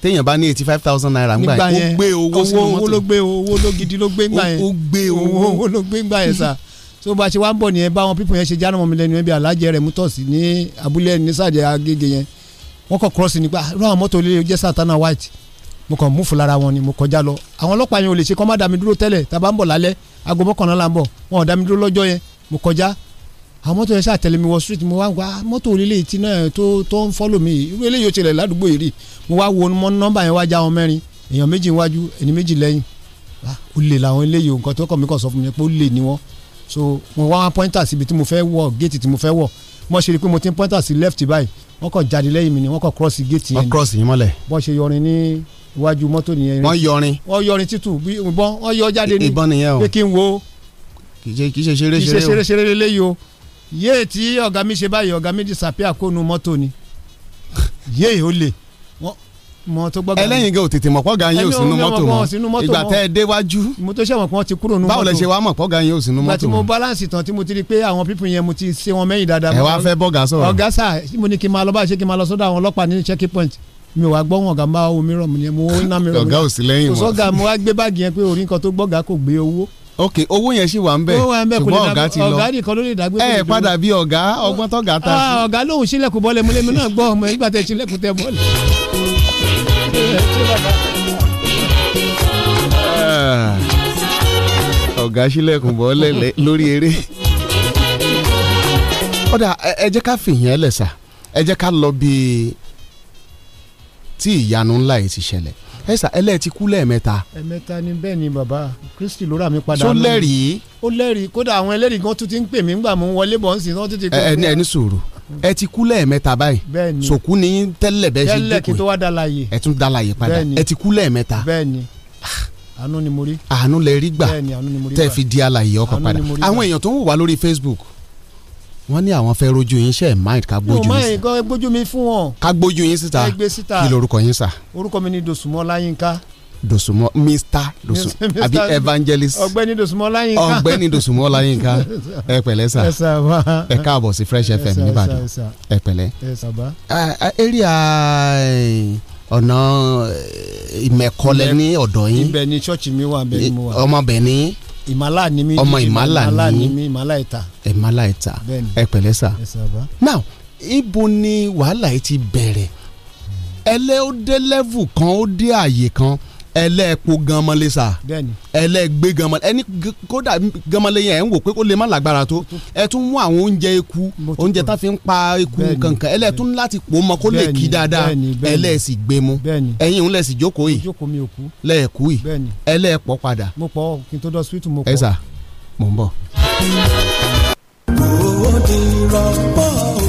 téèyàn bá ní eighty five thousand naira ńgbà yẹn ó gbé owó sínú mọ́tò. owó ló gbé owó ló gidi ló gbé ńgbà yẹn ó gbé owó ló gbé ńgbà yẹn sà (laughs) so bá a ṣe wá ń bọ̀ nìyẹn báwọn pípọ̀ yẹn ṣe jáná mọ́ mi lẹ́nu ẹbí alájẹ rẹ̀ mú tọ̀sí ní abúlé nísàjẹ́ agége yẹn wọ́n kọ̀ cross nípa ah, irú àwọn mọ́tò olè jẹ́ Santana white mo kàn mú fúlára wọn ni mo kọjá lọ àwọn ọlọ́pàá yẹn ò lè ṣe kọ́ má dá dúró tẹ́lẹ̀ tá a bá ń bọ̀ lálẹ́ aago mọ́kànlá la ń bọ̀ wọn ò dá mi dúró lọ́jọ́ yẹn mo kọjá àwọn mọ́tò yẹn ṣàtẹ̀lé mi wọ street mo wá wá ah, mọ́tò olè tí náà tó tó ń follow mi irú eléyìí ó tilẹ̀ ládùúgbò yìí rí mo wá wo nọ́mbà yẹn wá já wọn mẹ́rin èèyàn méjì níwájú ẹni méjì lẹ́yìn ah, olè làwọn eléyìí nǹkan tó kọ̀ mí kàn sọ fún mi pé olè ni wọ́n so mo wá wọn pointer síbi tí mo fẹ́ wọ̀ géètì tí mo fẹ́ wọ̀ mo ṣe rí i pé mo ti ń pointer sí left báyìí wọ́n kàn jáde lẹ́yìn mi ni wọ́n kàn cross géètì yẹn ni wọ́n cross yín mọ́lẹ̀ bọ́n ṣe yọrin ní iwájú mọ́tò nìyẹn wọ́n yọrin wọ́n yọrin títù bí ìbọn wọ́n yọ jáde ní ìbọn nìyẹn o pé kí n wo kì í ṣe ṣeré ṣeré o kì í ṣe ṣeré ṣeré lélẹ́yìí o yéè tí ọ̀gá mi ṣe báyìí ọ̀gá mi disappear kónú mọ́tò ni yéè ó lè mọ tó gbọ́gàn. ẹlẹ́yin gan ò tètè mọ̀ pọ́gà yín ò sínú mọ́tò mọ́ ìgbà tẹ́ ẹ déwájú. mo tó ṣẹ̀wọ̀n kan ti kúrò nínú mọ́tò. báwo lẹ ṣe wá mọ̀ pọ́gà yín ò sínú mọ́tò mọ́. gbàtí mo balance tán tí mo ti rí pé àwọn pípù yẹn mo ti ṣe wọn mẹ́yìn dáadáa. ẹ wá fẹ́ bọ́gà sọ̀rọ̀. ọ̀gá sà mo ní kí n máa lọ báyìí ṣé kí n máa lọ sọ́dọ̀ àwọn ọlọ́pàá ní checking point mi ò wá gbọ́ wọn ọ̀gá máa wo mi rọ̀ mi yẹn mo ná mi rọ̀ mi. ọ̀gá ò sí lẹ́yìn yẹn ok owó yẹn sì wà ń bẹ ṣùgbọ́n ọ̀gá ti lọ ọ̀gá nìkan ló lè dàgbé ẹ padà bí ọ̀gá ọgbọ́n tó ta sí. Ah, ọ̀gá lóhùn sílẹ̀kùn bọ́ọ̀lù ẹ̀múlẹ́mú náà gbọ́ ọmọ ẹgbàá tẹ̀ sílẹ̀kùn tẹ̀ bọ́ọ̀lù. Ah. ọ̀gá sílẹ̀kùn bọ́ lẹ́lẹ́ lórí eré ọ̀dà ẹ jẹ́ ká fìyàn ẹlẹ́sà ẹ jẹ́ ká lọ bí tí ìyanu ńlá yìí ti ṣẹlẹ̀ ẹ̀sà ẹlẹ́ẹ̀tì kú lẹ́ẹ̀mẹ́ta. ẹ̀mẹ́ta ni bẹ́ẹ̀ ni bàbá Kristi ló rà mí padà. tó lẹ́rìí. ó lẹ́rìí kódà àwọn ẹlẹ́rìí gan tún ti ń pè mí ńgbà mú wọlé bọ̀ ń sìn náà títí. ẹ ẹ ní sùúrù ẹ ti kú lẹ́ẹ̀mẹ́ta báyìí bẹ́ẹ̀ni sòkú ni tẹ́lẹ̀ bẹ́ẹ̀ ṣe dúkùú tẹ́lẹ̀ dalaye ẹ tún dalaye padà ẹ ti kú lẹ́ẹ̀mẹ́ta bẹ́ẹ̀ni àánú ni mo rí àánú lẹ rí gbà bẹ́ẹ̀ni àánú ni mo rí gbà tẹ́ fi di alaye ọkọ̀ padà àwọn èèyàn tó ń wò wá lórí Facebook wọ́n ní àwọn fẹ́ rojú yín ṣe é mind ká gbójú yín síta. yóò máa ń gbójú mi fún wọn. ká gbójú yín síta kí lorúkọ yín sà. orúkọ mi ni Dosùnmọ́ Láyínká dosumọ mr dosumọ àbí evangelist ọ̀gbẹ́ni dosumọ ọláyínká ọ̀gbẹ́ni dosumọ ọláyínká ẹ pẹ̀lẹ́ sà ẹ káàbọ̀ sí fresh fm nìbàdàn ẹ pẹ̀lẹ́ area ọ̀nà eh, ìmẹ̀kọlẹ̀ ní ọ̀dọ̀ yín ibẹ̀ ni ṣọ́ọ̀ṣì mi wà bẹ́ẹ̀ ni mo wà ọmọ bẹ̀ ni ìmàlà ni mi ọmọ ìmàlà ni ìmàlà ìta ìmàlà ìta ẹ pẹ̀lẹ́ sà now ibo ni wàhálà yìí ti bẹ̀rẹ̀ ẹlẹ́ o dé level kan ó dé àyè kan ẹlẹ́ẹ̀po ganmọ́lé sa ẹlẹ́ẹ̀gbé ganmọ́lé ẹni kódà ganmọ́lé yẹn ẹ̀ ń wò pé kó lè má lágbára tó ẹ tún mú àwọn oúnjẹ eku oúnjẹ tá fi ń pa eku kankan ẹlẹ́ẹ̀ tún láti pò mọ kó lè kí dáadáa ẹlẹ́ẹ̀sì gbé mu ẹ̀yin òun lẹ́sì jókòó yìí lẹ́ẹ̀kú yìí ẹlẹ́ẹ̀pọ̀ padà. mo pọ̀ kí n tó dọ̀ síwítù mo pọ̀. ẹ sà mò ń bọ̀. owó ti rọ̀ pọ̀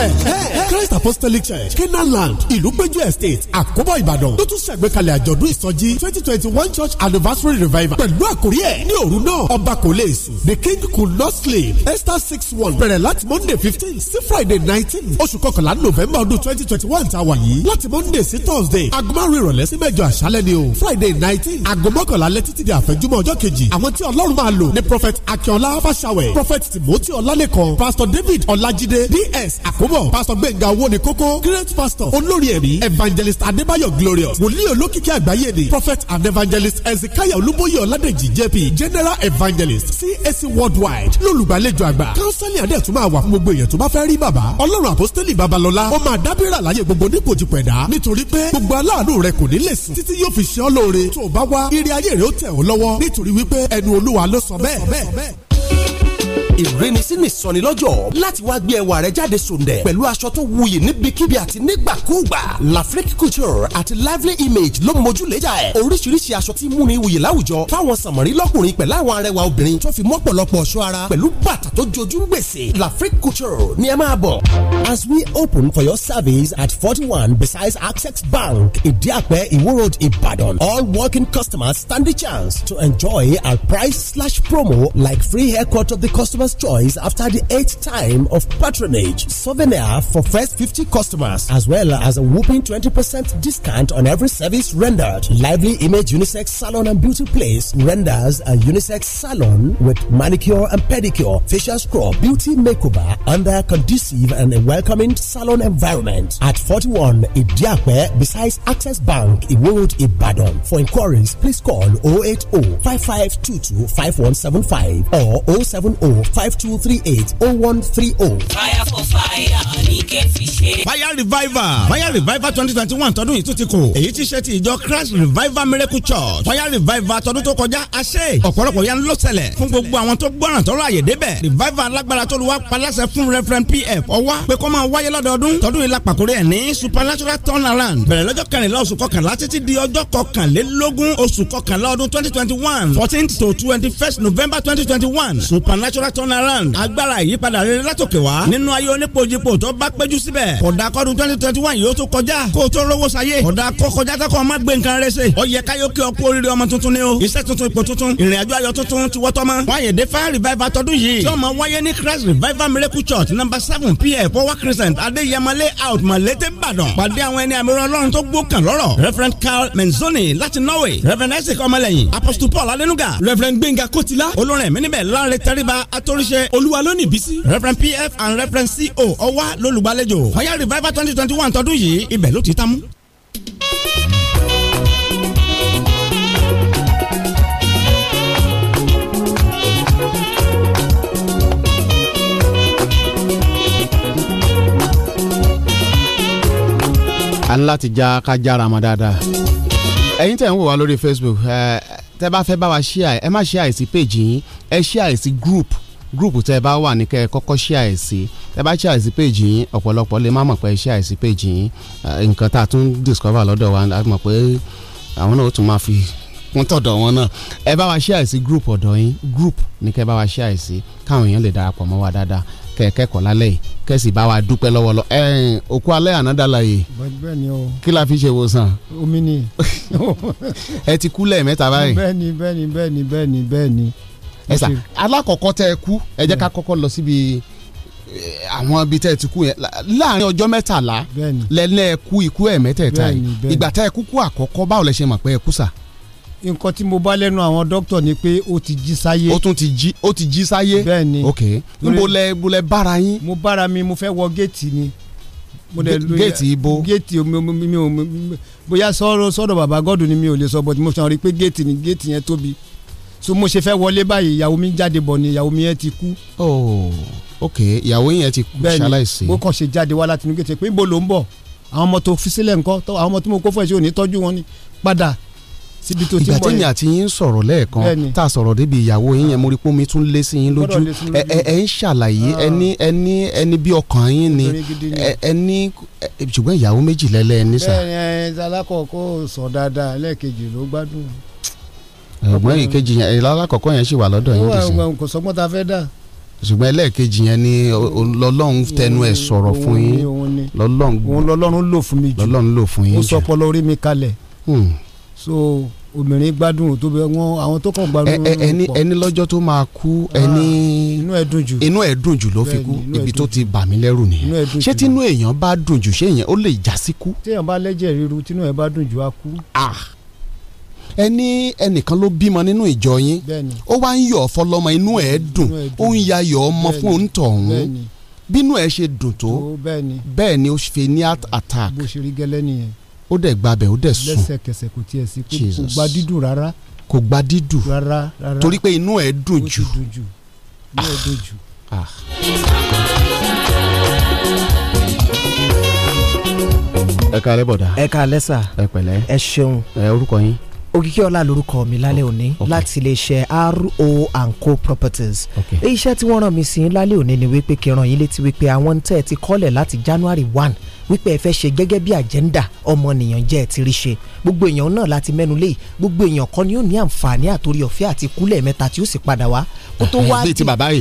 christ apostolic church canaland ìlúpéjú estate Akobo ìbàdàn tó tún ṣàgbékalẹ̀ àjọ̀dún ìsọjí twenty twenty one church anniversary revival pẹ̀lú àkórí ẹ̀ ní òru náà ọba kò lè sùn the king could not sleep esther six one bẹ̀rẹ̀ láti monday fifteen sí friday nineteen oṣù kọkànlá november ọdún twenty twenty one tá wà yìí láti monday sí thursday aago márùn ìrọ̀lẹ́ sí mẹ́jọ àṣálẹ́ ni o friday nineteen aago mọ́kànlá alẹ́ títí di àfẹ́júmọ́ ọjọ́ kejì àwọn tí ọlọ́run máa lò ní prophet akínọlá fàṣàwẹ̀ prophet timothy ọlálẹ́kan pastor david Olajide. ds àkóbọ̀ bọ̀ pásítọ̀ gbẹ̀ngà owó ni kókó great pastor olórí ẹ̀rí evangelist adébáyọ̀ glorious wòlíì olókìkí àgbáyé ni prophet and evangelist ezekiah olúbóyè ọ̀ládẹ́jì jp general evangelist cac worldwide lólùgbàlejò àgbà counseling adẹ́tún máa wà fún gbogbo èèyàn tó bá fẹ́ rí bàbá ọlọ́run àpọ́stélì babalọ́lá ó máa dábìrà láyé gbogbo nípò ti pẹ̀dá nítorí pé gbogbo aláàánú rẹ kò ní lè sùn títí yóò fi ṣe ọ́ lóore tó o bá wá ire ayé rẹ ó tẹ̀ ọ́ lọ́wọ́ nítorí wípé ẹnu olúwa ló sọ bẹ́ẹ̀ ìrínisínú ìsọnilọ́jọ̀ láti wá gbé ẹwà rẹ jáde sòǹdẹ̀ pẹ̀lú aṣọ tó wuyì níbikíbi àti nígbàkúùgbà lafric couture àti lively image ló mójúlẹ́jà ẹ̀ oríṣiríṣi aṣọ tí múni wuyì láwùjọ fáwọn sàmọ̀rí lọ́kùnrin pẹ̀lú àwọn arẹwà obìnrin tó fi mọ́pọ̀lọpọ̀ ọ̀ṣọ́ ara pẹ̀lú bàtà tó jojú ń gbèsè lafric couture ni ẹ máa bọ̀. as we open for your service at forty one besides access bank idiape iwo road ibadan all working customers stand a chance to enjoy our price slash promo like free haircut of the customers Customer's Choice after the eighth time of patronage. Souvenir for first 50 customers, as well as a whooping 20% discount on every service rendered. Lively Image Unisex Salon and Beauty Place renders a unisex salon with manicure and pedicure, facial scrub, beauty makeover under a conducive and a welcoming salon environment at 41 Idiakwe besides Access Bank, Iwood, Ibadan. For inquiries, please call 080 5522 5175 or 070 five two three eight oh one three oh. fire for fire ní kẹ́fì fire revival fire revival twenty twenty one tọdún yìí tún ti kù èyí ti ṣe ti ìjọ christ revival miracle church fire revival tọdún tó kọjá a ṣe ọ̀pọ̀lọpọ̀ yẹn ló ṣẹlẹ̀ fún gbogbo àwọn tó gbọ́ràn tọ́lọ́ àyè débẹ̀ revival alágbára tó lu wá paláṣẹ fún referent pf ọwá pé kó máa wáyé lọ́dọọdún tọdún yìí la pàkórí ẹ̀ ní supernatural turnaround bẹ̀rẹ̀ lọ́jọ́ kẹrìnlá oṣù kọkànlá títí di ọjọ́ kọkànlélógún oṣù kọkànlá ọdún twenty twenty one fourteen to twenty first november twenty supernatural turnaround agbára ìyípadà rere látòkè wá nínú ayé onípojípo tó bá péjú síbẹ̀ kódà kọ́dún twenty twenty one yóò tó kọjá kó o tó rówó sayé kódà kó kọjá tó kọ́ ọ gbé nǹkan rẹ ṣe ó yẹ káyọ̀ kí ọkú oríire ọmọ tuntun ni o iṣẹ́ tuntun ipò tuntun ìrìnàjò ayọ̀ tuntun ti wọ́tọ́ mọ́ wáyé dé fire revival tọdún yìí tí ó wáyé ní christ revival miracle church number seven pf power crescent adéyẹmọlé out malete badàn pàdé àwọn ẹni àmì ọlọ́run tó gbó kan lọ́rọ̀ reverend carl menzoni láti norway reverend isaac ọmọlẹ́yìn apostle paul alenuga reverend gbẹ̀ngà kotila olórin ẹ̀mí níbẹ̀ láre tẹ́ríba at toríṣẹ́ olúwa lónìí bísí. referent pf and referent co ọwá lólùgbàlejò ọ̀yá revival twenty twenty one tọdún yìí ibẹ̀ ló ti tán mú. a ní láti já ká jára mọ́ dáadáa. ẹ̀yin tẹ̀ ń wò wá lórí facebook tẹ́ bá fẹ́ bá wa ṣíà ẹ má ṣíà sí page yín ẹ ṣíà sí group gúrùpù tẹ́ ẹ bá wà ní kẹ́ ẹ kọ́kọ́ share sí tẹ́ bá share sí péjì yín ọ̀pọ̀lọpọ̀ lè má mọ̀ pé share sí péjì yín nǹkan tá a tún discover lọ́dọ̀ wa a mọ̀ pé àwọn náà ó tún máa fi kún tọ̀dọ̀ wọn náà ẹ bá wa share sí group ọ̀dọ̀ yín group ní kẹ́ ẹ bá wa share sí káwọn èèyàn lè darapọ̀ mọ́ wa dáadáa kẹ́ ẹ kẹ́kọ̀ọ́ lálẹ́ yìí kẹ́ ẹ sì bá wa dúpẹ́ lọ́wọ́ òkú alẹ́ ànádàlà kí la fi ṣe wòsàn. omi ni. (laughs) ẹ ti kú lẹ́ẹ̀mẹ́ta báyìí. bẹ́ẹ̀ni bẹ́ẹ̀ni bẹ́ẹ̀ni bẹ́ẹ̀ni bẹ́ẹ̀ni ẹ sà alákọ̀ọ́kọ́ tẹ́ ẹ kú ẹ jẹ́ ká mm. kọ́kọ́ lọ síbi eh, àwọn ibi tẹ́ ẹ ti kú yẹn láàrin ọjọ́ mẹ́tàlá lẹ́lẹ́ ẹ kú ikú ẹ̀ mẹ́tẹ̀ẹ̀ta yìí ìgbà tẹ́ ẹ kú kú àkọ́kọ́ báwo lẹ ṣe mọ̀ pé ẹ kú sà. nǹkan tí mo bá lẹ́nu àwọn dókítà ni pé ó ti jí sáyé. ó tún ti jí ó ti jí sáyé. bẹ́ẹ̀ni ok nbo lẹ bo lẹ bára yín. mo bára mi mo fẹ́ wọ géètì ni. géètì ibo géètì mi ò bóyá sọ́dọ̀ bàbá gọ́dù ni mi ò lè sọ bọ́t mo sàn rí pé géètì ni géètì yẹn tóbi so mo ṣe fẹ́ wọlé báyìí ìyàwó mi jáde bọ̀ ni ìyàwó mi yẹn ti kú. oh ok ìyàwó yẹn ti kú ṣaláìsí. bẹ́ẹ̀ni mo kàn ṣe jáde wá láti inú gètè pé ibo ló ń bọ̀ àwọn ọmọ tó fi sílẹ̀ ńkọ́ àwọn ọmọ tí mo kó fún ẹ ṣe ò ní tọ́jú wọn ni padà síbi tó ti mọ yẹn. ìgbà tí èmi àti yín sọ̀rọ̀ lẹ́ẹ̀kan tá a sọ̀rọ̀ débi ìyàwó yín yẹn mo rí pé omi tún lé sí yín lójú ẹ ń ṣàlàyé ah. ẹni ẹni ẹni bí ọkàn yín ni ẹni ṣùgbọ́n ìyàwó méjì lẹ́lẹ́ ẹni sà. bẹ́ẹ̀ ni alákọ̀ọ́kọ́ sọ dáadáa lẹ́ẹ̀kejì ló gbádùn ọgbọ́n ìkejì yẹn alákọ̀ọ́kọ́ yẹn sì wà lọ́dọ̀ yín dì sí. kò sọgbọ́n ta fẹ́ dà. ṣùgbọ́n ẹlẹ́ẹ̀kejì yẹn ni lọ́lọ́run tẹnu ẹ̀ sọ̀rọ̀ fún yín lọ́lọ́run òun lọ́lọ́run lò fún mi jù lọ́lọ́run lò fún yín jù ó sọpọlọ orí mi kalẹ̀ hmm. so obìnrin gbádùn tó bẹ wọn àwọn tó kàn gbádùn pọ̀ ẹni ẹni lọ́jọ́ tó máa kú ah, ẹni inú ẹ̀ dùn jù inú ẹ̀ dùn jù ló fi kú ibi tó ti bà mí lẹ́rù nìyẹn ṣé tinú èèyàn bá dùn jù ṣé èèyàn ó lè já sí kú. téèyàn bá lẹ́jẹ̀ ríru tinú ẹ̀ bá dùn jù á kú. ah ẹ ní ẹnìkan ló bímọ nínú ìjọ yín ó wá ń yọ̀ fọlọ́mọ inú ẹ̀ dùn ó ń ya yọ̀ ọmọ fún òǹtọ̀ ọ̀hún bínú ẹ̀ ṣe dùn tó oh, bẹ́ẹ̀ ni ó fi ní attack bó ṣe rí ó dẹ̀ gbabẹ̀ ó dẹ̀ sùn lẹ́sẹ̀kẹsẹ̀ kò tiẹ̀ sí pé kò gba dídùn rárá kò gba dídùn rárá rárá torí pé inú ẹ̀ dùn jù ó ti dùn jù inú ẹ̀ dùn jù. Ah. ẹ kálẹ́ bọ̀dá ẹ kálẹ́ sà ẹ pẹ̀lẹ́ ẹ ṣeun ẹ orúkọ yín Ògìkíọlá lorúkọ mi lálẹ́ òní láti iléeṣẹ́ RO and Co Properties iṣẹ́ tí wọ́n ràn mí sí lálẹ́ òní ni wípé kí n ràn yín létí wípé àwọn tẹ́ ẹ ti kọ́lẹ̀ láti January one wípé ẹ fẹ́ ṣe gẹ́gẹ́ bí àjẹ́ndà ọmọnìyàn jẹ́ ẹ ti rí ṣe gbogbo èèyàn náà láti mẹ́nu lé gbogbo èèyàn kan ni ó ní àǹfààní àtòrí ọ̀fẹ́ àti kúlẹ̀ mẹ́ta tí ó sì padà wá kó tó eh, wá di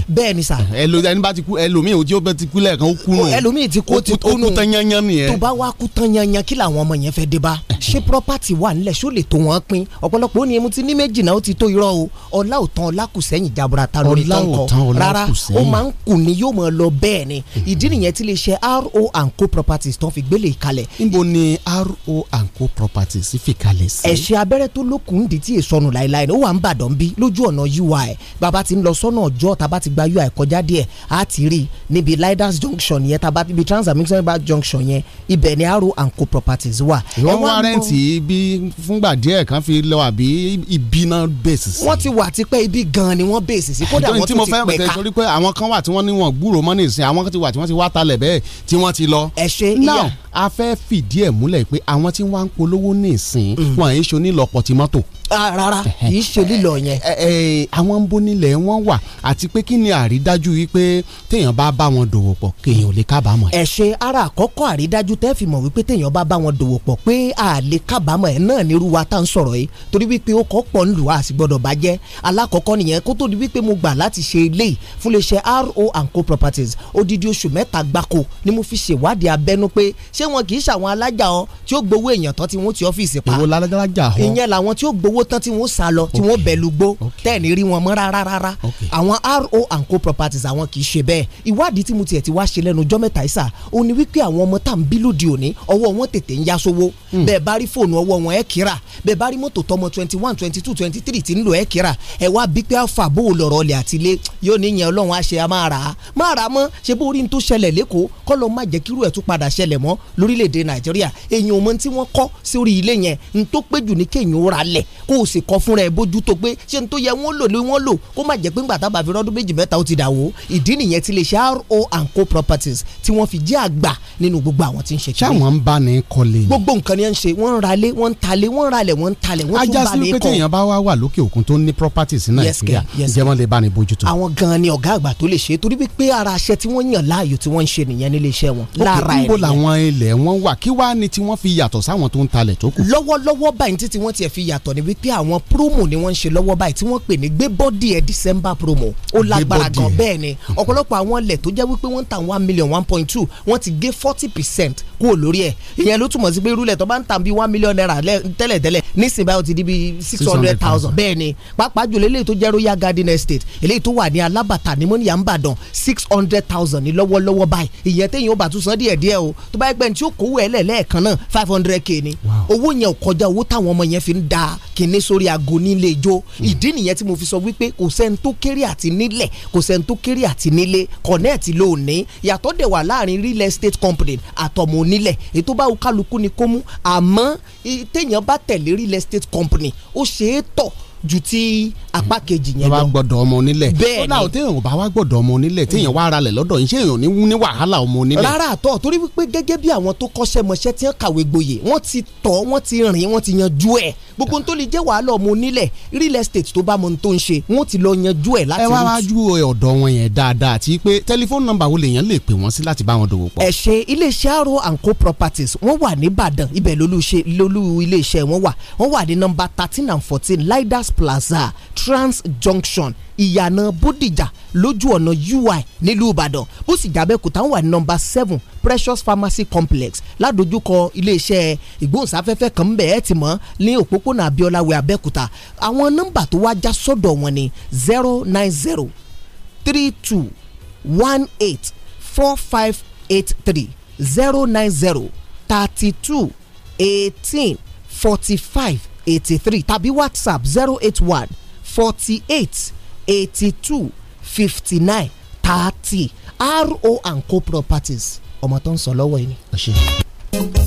bẹ́ẹ̀ ni sà. Eh, ẹlòmíì bá ti kú ẹlòmíì ojú ó ti kú lẹ́ẹ̀kan ó kú nù. ẹlòmíì ti kó ti kú nù tó bá wá kú tán yanyan kí làwọn ọmọ yẹn fẹ́ dé bá eh. ṣé property wà nílẹ̀ ṣó lè tó wọ́n pín mẹ́rin ọ̀pọ̀lọpọ̀ ó ní emu ti ní méjì náà ó ti tó irọ́ o ọlá òtán ọlá kù sẹ́yìn jabura ta lórí tán rárá ó máa ń kù ní yóò máa lọ bẹ́ẹ̀ ni ìdí nìyẹn ti lè ṣe ro and co properties tó fi gbélé ìkalẹ̀. níbo ni ro and co properties fi kalẹ̀ sí. ẹ̀ṣẹ̀ abẹ́rẹ́ tó lókun dì tí èsọnù láéláé ó wà ń bàdàn bí lójú ọ̀nà ui bàbá ti ń lọ sọ́nà ọjọ́ tàbá ti gba ui kọjá díẹ̀ á ti rí níbi liders junction yẹn tàbá ibi transamerican bank junction yẹn ibẹ̀ ni ro and co properties wà. ìwọ́n wá rẹ́ǹtì bí fúngbà díẹ̀ kan f fi lọ àbí ibi náà bèsì sí. wọ́n ti wà tipẹ́ ibi gan-an ni wọ́n bèsì sí kódà wọ́n tún ti pẹ̀ka. àjọ tí mo fẹ́ bẹ̀tẹ̀ sórí pé àwọn kan wà tí wọ́n ní wọn gbúrò mọ́ nìsín àwọn kan ti wà tí wọ́n ti wá talẹ̀ bẹ́ẹ̀ tí wọ́n ti lọ. ẹ ṣe ìyá now a fẹ́ fìdí ẹ̀ múlẹ̀ pé àwọn tí wọ́n ń polówó nìsín mm. wọn àyè ṣonílọ̀pọ̀ ti mọ́tò ah, rárá kì í ṣe lílọ yẹn. Eh, eh, eh, àwọn ń bonilẹ̀ ara àkọ́kọ́ àrídájú tẹ́ fi mọ̀ wípé téèyàn bá bá wọn dòwò pọ̀ pé a yìí torí wípé ó kọ́ pọ̀ ńlù a sì gbọ́dọ̀ bá jẹ́ alákọ̀ọ́kọ́ nìyẹn kó tó di wípé mo gbà láti ṣe eléyìí fún iléeṣẹ́ ro and co properties odidi oṣù mẹ́ta gbáko ni mo fi ṣèwádìí abẹ́nú pé ṣé wọn kì í ṣàwọn alájà ọ tí ó gbowó èèyàn tán tí wọ́n ti ọ́fíìsì pa ìyẹn làwọn tí ó gbowó tán tí wọ́n sá lọ tí wọ́n bẹ̀lú gbó tẹ́ẹ̀ni rí wọn mọ́ rárá rárá àwọn ro and co properties àwọn kì í ṣe bẹ́ẹ̀ ìwádìí tí mo tiẹ̀ ti wá ṣe lẹ́nu ọjọ́ mẹ́ta ìsà ó ní wípé àwọn ọmọ tá à ń bí lóde òní ọwọ́ mọ́tò tọmọ twenty one twenty two twenty three ti ń lò ẹ́ kíra ẹ̀ wá bí pé àfà bó o lọ̀rọ̀ ọ̀lẹ̀ àtìlé yóò ní yẹn ọlọ́run àṣẹ a máa rà á máa rà á mọ́ ṣe bó orí ń tó ṣẹlẹ̀ lẹ́kọ̀ọ́ kọ́ lọ má jẹ́ kírú ẹ̀ tún padà ṣẹlẹ̀ mọ́ lórílẹ̀‐èdè nàìjíríà èyàn ò mọ tí wọ́n kọ́ sórí ilé yẹn n tó pé jù ní kéèyàn ó lẹ̀ kó o sì kọ́ fúnra ẹ̀ bójú tó pé ṣé n tó yẹ wọ́n lò lé wọ́n lò kó má jẹ́ pé ńgbà tábà fi rọ́dún méjì mẹ́ta ó ti dà wó ìdí nìyẹn ti lè ṣe ro and co properties tí wọ́n fi jẹ́ àgbà nínú gbogbo àwọn tí ń ṣe. ṣáwọn ń bá ní kọ́lé ni. gbogbo nǹkan ni wọ́n ń ṣe wọ́n ń ralé wọ́n ń talé wọ́n ń ralẹ̀ balẹ̀ wọ́n tún balẹ̀ kọ́. ajásí pé téèyàn bá wá wà lókè òkun tó ní properties ní nàìjíríà ǹjẹ́ lè bá ní bójútó. àwọn gan-an ni ọ̀gá àgbà tó lè ṣe torí pé ara aṣẹ tí wọ́n yàn láàyò tí wọ́n ń ṣe nìyẹn nílé iṣẹ́ wọn. lára ẹ̀ nìyẹn. ó làwọn ilẹ̀ wọn wà kí wàá ní tí wọ́n fi yàtọ̀ sáwọn tó ń talẹ̀ tó kù. lọ́wọ́lọ́wọ́ báyìí tí wọ́n ti gé forty percent kúrò lórí ẹ̀ ìyẹn ló túmọ̀ sí pé irú tó bá ń ta bí one million naira tẹ́lẹ̀tẹ́lẹ̀ nísìnyí báyìí ti di bíi six hundred thousand bẹ́ẹ̀ ni pàápàá jùlọ eléyìí tó jẹ́ royal garden estate eléyìí tó wà ní alábàtà ní mọ́níyà ń bàdàn six hundred thousand Ni lọ́wọ́lọ́wọ́ báyìí ìyẹn téèyàn ó bá tún san díẹ̀ díẹ̀ o tó bá yẹ pé tí ó kówó ẹ̀ lẹ́ẹ̀kan náà five hundred k ni owó yẹn ò kọjá owó táwọn ọmọ yẹn fi ń da kinní sórí aago nílé ijó hmm. ìdí nìyẹn tí mo fi sọ wípé kò sẹ́ni tó kéré àti nílẹ̀ kò sẹ́ni tó kéré àti nílé connect ló ní yàtọ̀ dẹ̀ wà láàrin real estate company àtọ̀mọ̀ onílẹ̀ ètò báwo kálukú ni kó mú àmọ́ téèyàn bá tẹ̀lé real estate company ó ṣe é tọ̀ ju ti apá kejì yẹn lọ. wàá gbọ́dọ̀ ọmọ onílẹ̀ bẹ́ẹ̀ ni ọlọ́run téèyàn ò bá wá gbọ́dọ̀ ọmọ onílẹ̀ téèyàn wá ara lẹ̀ lọ́dọ̀ yìí séèyàn ní ní wàhálà ọmọ onílẹ̀. rárá àtọ torí wípé gẹ́gẹ́ bí àwọn tó kọ́ṣẹ́ mọṣẹ́ tí kàwé gboyè wọ́n ti tọ́ wọ́n ti rìn wọ́n ti yanjú ẹ̀ gbogbo tó lè jẹ́ wàhálà ọmọ onílẹ̀ real estate tó bá mọ tó ń ṣe wọ́n ti lọ yanjú ẹ̀ láti. ẹ wá wájú ọ̀dọ̀ wọn yẹn dáadáa àti pé tẹlifóònù nọ́mbà wo lèèyàn lè pè wọ́n sí láti bá wọn dòwò pọ̀. ẹ iléeṣẹ́ aro and co properties wọ́n wà ní Ìbàdàn ibẹ̀ lolú iléeṣẹ́ wọn wà wọ́n wà ní nọ́mbà thirteen and fourteen Leaders Plaza Trans Junction ìyànà bódìjà lójú ọ̀nà ui nílùú ìbàdàn bó sì jábẹ́kúta wà ní nọmba seven precious pharmacy complex ládojúkọ iléeṣẹ́ ìgbóhùnsáfẹ́fẹ́ kan ń bẹ̀ ẹ́ ti mọ̀ ní òpópónà abiolawe abẹ́kúta àwọn nọ́mbà tó wá já sọ́dọ̀ wọn ni zero nine zero three two one eight four five eight three zero nine zero thirty two eighteen forty five eighty three tàbí whatsapp zero eight one forty eight eighty two fifty nine thirty ro and co properties ọmọ tó ń sọ lọ́wọ́ yìí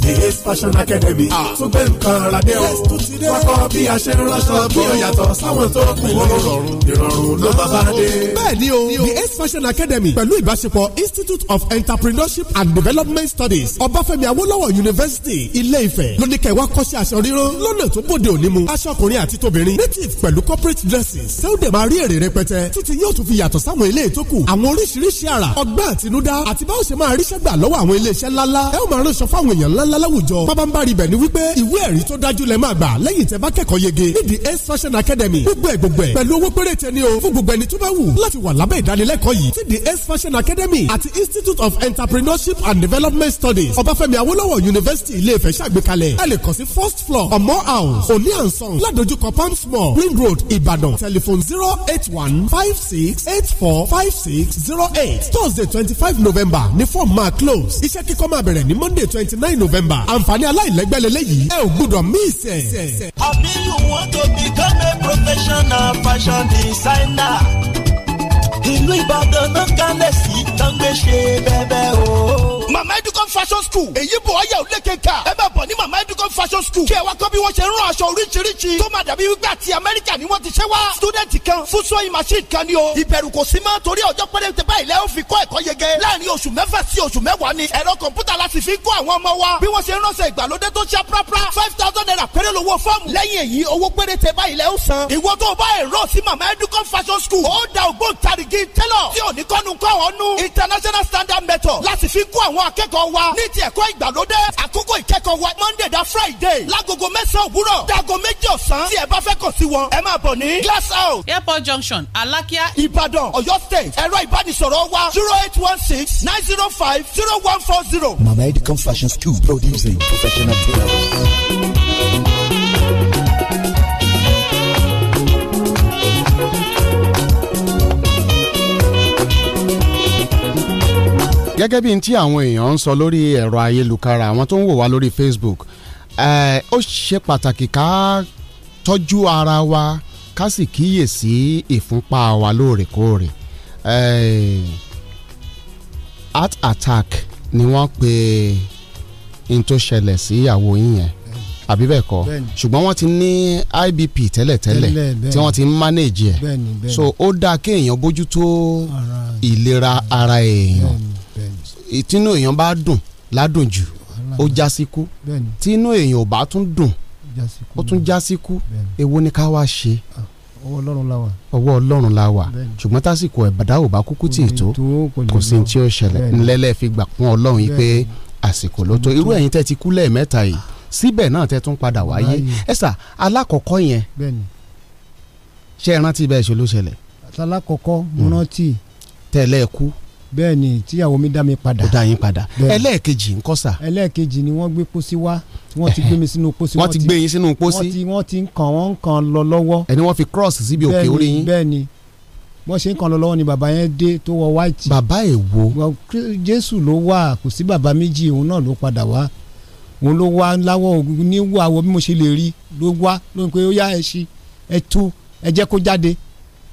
the ace fashion academy ah. tún gbé nǹkan ra dé o wọ́n kọ́ bí a ṣe ń rọ́ṣọ bí ó yàtọ̀ sáwọn tó kù ó ìrọ̀rùn ló bá bá dé. bẹ́ẹ̀ni o the ace fashion academy pẹ̀lú ìbáṣepọ̀ institute of entrepreneurship and development studies ọbáfẹ́mi Awolowo university ilé-ifẹ̀ lóní kẹwàá kọ́ṣẹ́ aṣọ ríran lọ́nà tó bòde òní mu aṣọ ọkùnrin àti tóbìnrin native pẹ̀lú corporate dresses sẹ́wọ́dẹ̀ máa rí èrè rẹpẹtẹ títí yóò tún fi yàtọ̀ sáwọn ilé ìtókù àwọn oríṣiríṣi àrà ọgbọ́n àtinúdá àti báwo ṣe máa ríṣẹ́ gbà lọ́wọ́ àwọn ilé iṣẹ́ ńláńlá ẹ ó máa ránṣọ fáwọn èèyàn ńláńl ńlá láwùjọ pábánbárì bẹ̀ ni wípé ìwé ẹ̀rí tó dájú lẹ máa gbà lẹ́yìn tẹ́ bá kẹ́kọ̀ọ́ yege nídìí ace fashion academy gbogbo ẹ̀ gbogbo ẹ̀ pẹ̀lú owó péréte ni o fún gbogbo ẹni tó bá wù láti wà lábẹ́ ìdánilẹ́kọ̀ọ́ yìí ti the ace fashion academy àti institute of entrepreneurship and development studies ọbáfẹ́mi awólọ́wọ̀ university ilé-ifẹ̀ ṣàgbékalẹ̀ ẹ lè kàn sí first floor omo house oni and son ládojúkọ palms mall ring road ìbàdàn telephone zero eight one five six eight four five six zero eight thursday twenty five november ní form máa close iṣẹ́ kíkọ́ máa bẹ̀rẹ̀ ní monday twenty nine november November àǹfààní aláìlẹ́gbẹ́ lélẹ́yìí ẹ ò gbúdọ̀ miss ẹ̀. àbí you want to become a professional fashion designer ìlú Ìbàdàn náà kálẹ̀ sí tó ń gbé ṣe bẹ́ẹ̀ bẹ́ẹ̀ o mama educom fashion school èyí bò ọ́ yà ó lékè ká ẹ bẹ̀ bọ̀ ní mama educom fashion school kí ẹ wá kọ́ bí wọ́n ṣe ń rán aṣọ oríṣiríṣi tó máa dàbí wípé àti amẹ́ríkà ni wọ́n ti ṣe wá student kan fún sewing machine kan ni o ìbẹ̀rù kò sí mọ́ torí ọjọ́ pẹ́rẹ́tẹ́ báyìí lẹ́ ó fi kọ́ ẹ̀kọ́ yege láàrin oṣù mẹ́fà sí oṣù mẹ́wàá ni ẹ̀rọ kọ̀ǹpútà la fi kọ́ àwọn ọmọ wa bí wọ́n ṣe ránṣẹ́ ìgbàlódé tó ṣe pàápàá five thousand naira péré lówó fọ́ọ̀mù lẹ́yìn èyí owó pẹ́rẹ́tẹ́ báyìí lẹ́ ó san ìwọ tó bá ẹ̀rọ sí mama educom fashion school ó da ògbóǹtarìgì tẹ́lọ̀ tí ò ní kọ́nu international standard method láti fi kọ́ àwọn akẹ́kọ̀ọ́ wa ní ti ẹ̀kọ́ ìgbàlódé àkókò ìkẹ́kọ̀ọ́ wa monday da friday lágogo mẹ́sàn-án òwúrọ̀ dago méjì ọ̀sán tí ẹ bá fẹ́ kàn sí wọn ẹ máa bọ̀ ní glass house airport junction alákíá ìbàdàn ọ̀yọ́ state ẹ̀rọ ìbánisọ̀rọ̀ wa zero eight one six nine zero five zero one four zero. mama edikam fashion school producing professional products. gẹ́gẹ́ bí n tí àwọn èèyàn ń sọ lórí ẹ̀rọ ayélujára àwọn tó ń wò wá lórí Facebook eh, ó ṣe pàtàkì ká tọ́jú ara wa ká sì kíyèsí ìfúnpá wa lóòrèkóòrè eh, heart attack ni wọ́n pe n tó ṣẹlẹ̀ sí ìyàwó yín àbí bẹ́ẹ̀ kọ́ ṣùgbọ́n wọ́n ti ní IBP tẹ́lẹ̀tẹ́lẹ̀ tí wọ́n ti ń manage ẹ̀ so ó dáa kéèyàn bójútó ìlera ara èèyàn ìtinú èèyàn bá dùn ládùn jù ó já síkú tínú èèyàn ò bá tún dùn ó tún já síkú èwo ni ká wá ṣe ọwọ́ ọlọ́run la wà. ọwọ́ ọlọ́run la wà ṣùgbọ́n tásìkò ẹ̀bàdà ò bá kúkú tì í tó kò sí ní tí ó ṣẹlẹ̀ ńlẹ́lẹ́ fi gbà fún ọlọ́run yìí pé àsìkò ló tó irú ẹ̀yin tẹ́ ti kú lẹ́ẹ̀mẹ́ta yìí síbẹ̀ náà tẹ́ tún padà wáyé ẹ̀sà alákọ̀ọ́kọ́ yẹn ṣé ẹ rántí bẹ́ẹ̀ ṣe ló ṣẹlẹ̀. alákọ̀ọ́kọ́ mo hmm. rántí. tẹ́lẹ̀ kú bẹ́ẹ̀ ni tíyàwó mi dá mi padà. ó dá yín padà ẹlẹ́ẹ̀kejì ń kọ́ sà. ẹlẹ́ẹ̀kejì ni wọ́n gbé pósí wá wọ́n ti gbé mi sínú pósí. (laughs) wọ́n ti gbé yín sínú pósí. wọ́n ti wọ́n ti ń kàn wọ́n ń kàn lọ lọ́wọ́. ẹni wọ́n fi cross síbi òkè orí yín. bẹ́ẹ̀ ni bọ́n ṣe ń kàn lọ lọ́wọ́ ni bàbá yẹn dé tó wọ white. bàbá ẹ̀ wo. jésù ló wà kò sí bàbá méjì òun náà ló padà wá òun ló wá láwọ níwọ àwọ bí mo ṣe lè rí ló wá ló ń pe ó yá ẹ ṣí ẹ tú ẹ jẹ́ kó jáde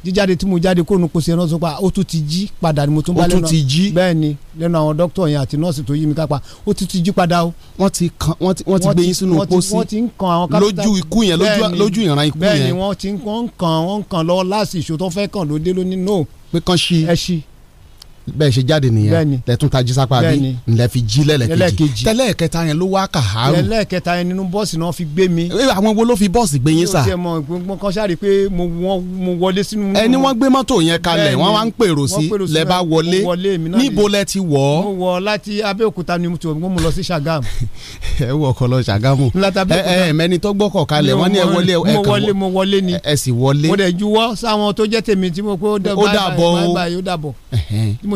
jíjáde tí mo jáde kó nu kò sí ẹran sọ pa ah, ó tún ti jí padà ni mo tún bá lẹ́nu ó tún ti jí bẹ́ẹ̀ ni lẹ́nu àwọn dókítà yẹn àti nọ́ọ̀sì tó yí mi kápá ó tún ti jí padà o. wọ́n ti kan wọ́n ti wọ́n ti gbé yín sínú pósí wọ́n ti ń kan àwọn kápẹ́tà lójú ikú yẹn lójú ìran ikú yẹn bẹ́ẹ̀ ni wọ́n ti ń kan wọ́n ń kan lọ́wọ́ láti ìṣó fẹ́ kàn ló lónìí no. pé kan ṣí ẹ ṣí bẹ́ẹ̀ ṣe jáde nìyẹn lẹ́tún tají sápá bí ńlẹ́ fi jí lẹ́lẹ́kejì tẹ́lẹ̀ kẹta yẹn ló wá kàárù. tẹ́lẹ̀ kẹta yẹn nínú bọ́ọ̀sì náà fi gbé mi. àwọn wo ló fi bọ́ọ̀sì gbé yín sà. mo kàn sáré pé mo wọlé sínú. ẹni wọ́n gbé mọ́tò yẹn kalẹ̀ wọ́n wá ń pèrò sí lẹ́ bá wọlé níbo lẹ ti wọ̀. mo wọ láti Abẹ́òkúta ni mo mo lọ sí Ṣàgámù. (laughs) ẹ wọ ọkọ lọ Ṣàgámù ẹ mẹni tó gbọ́kọ̀ kalẹ̀ ni ẹ sì wọlé. mo dẹ̀ juwọ́ sáwọn tó jẹ́ tèmi tí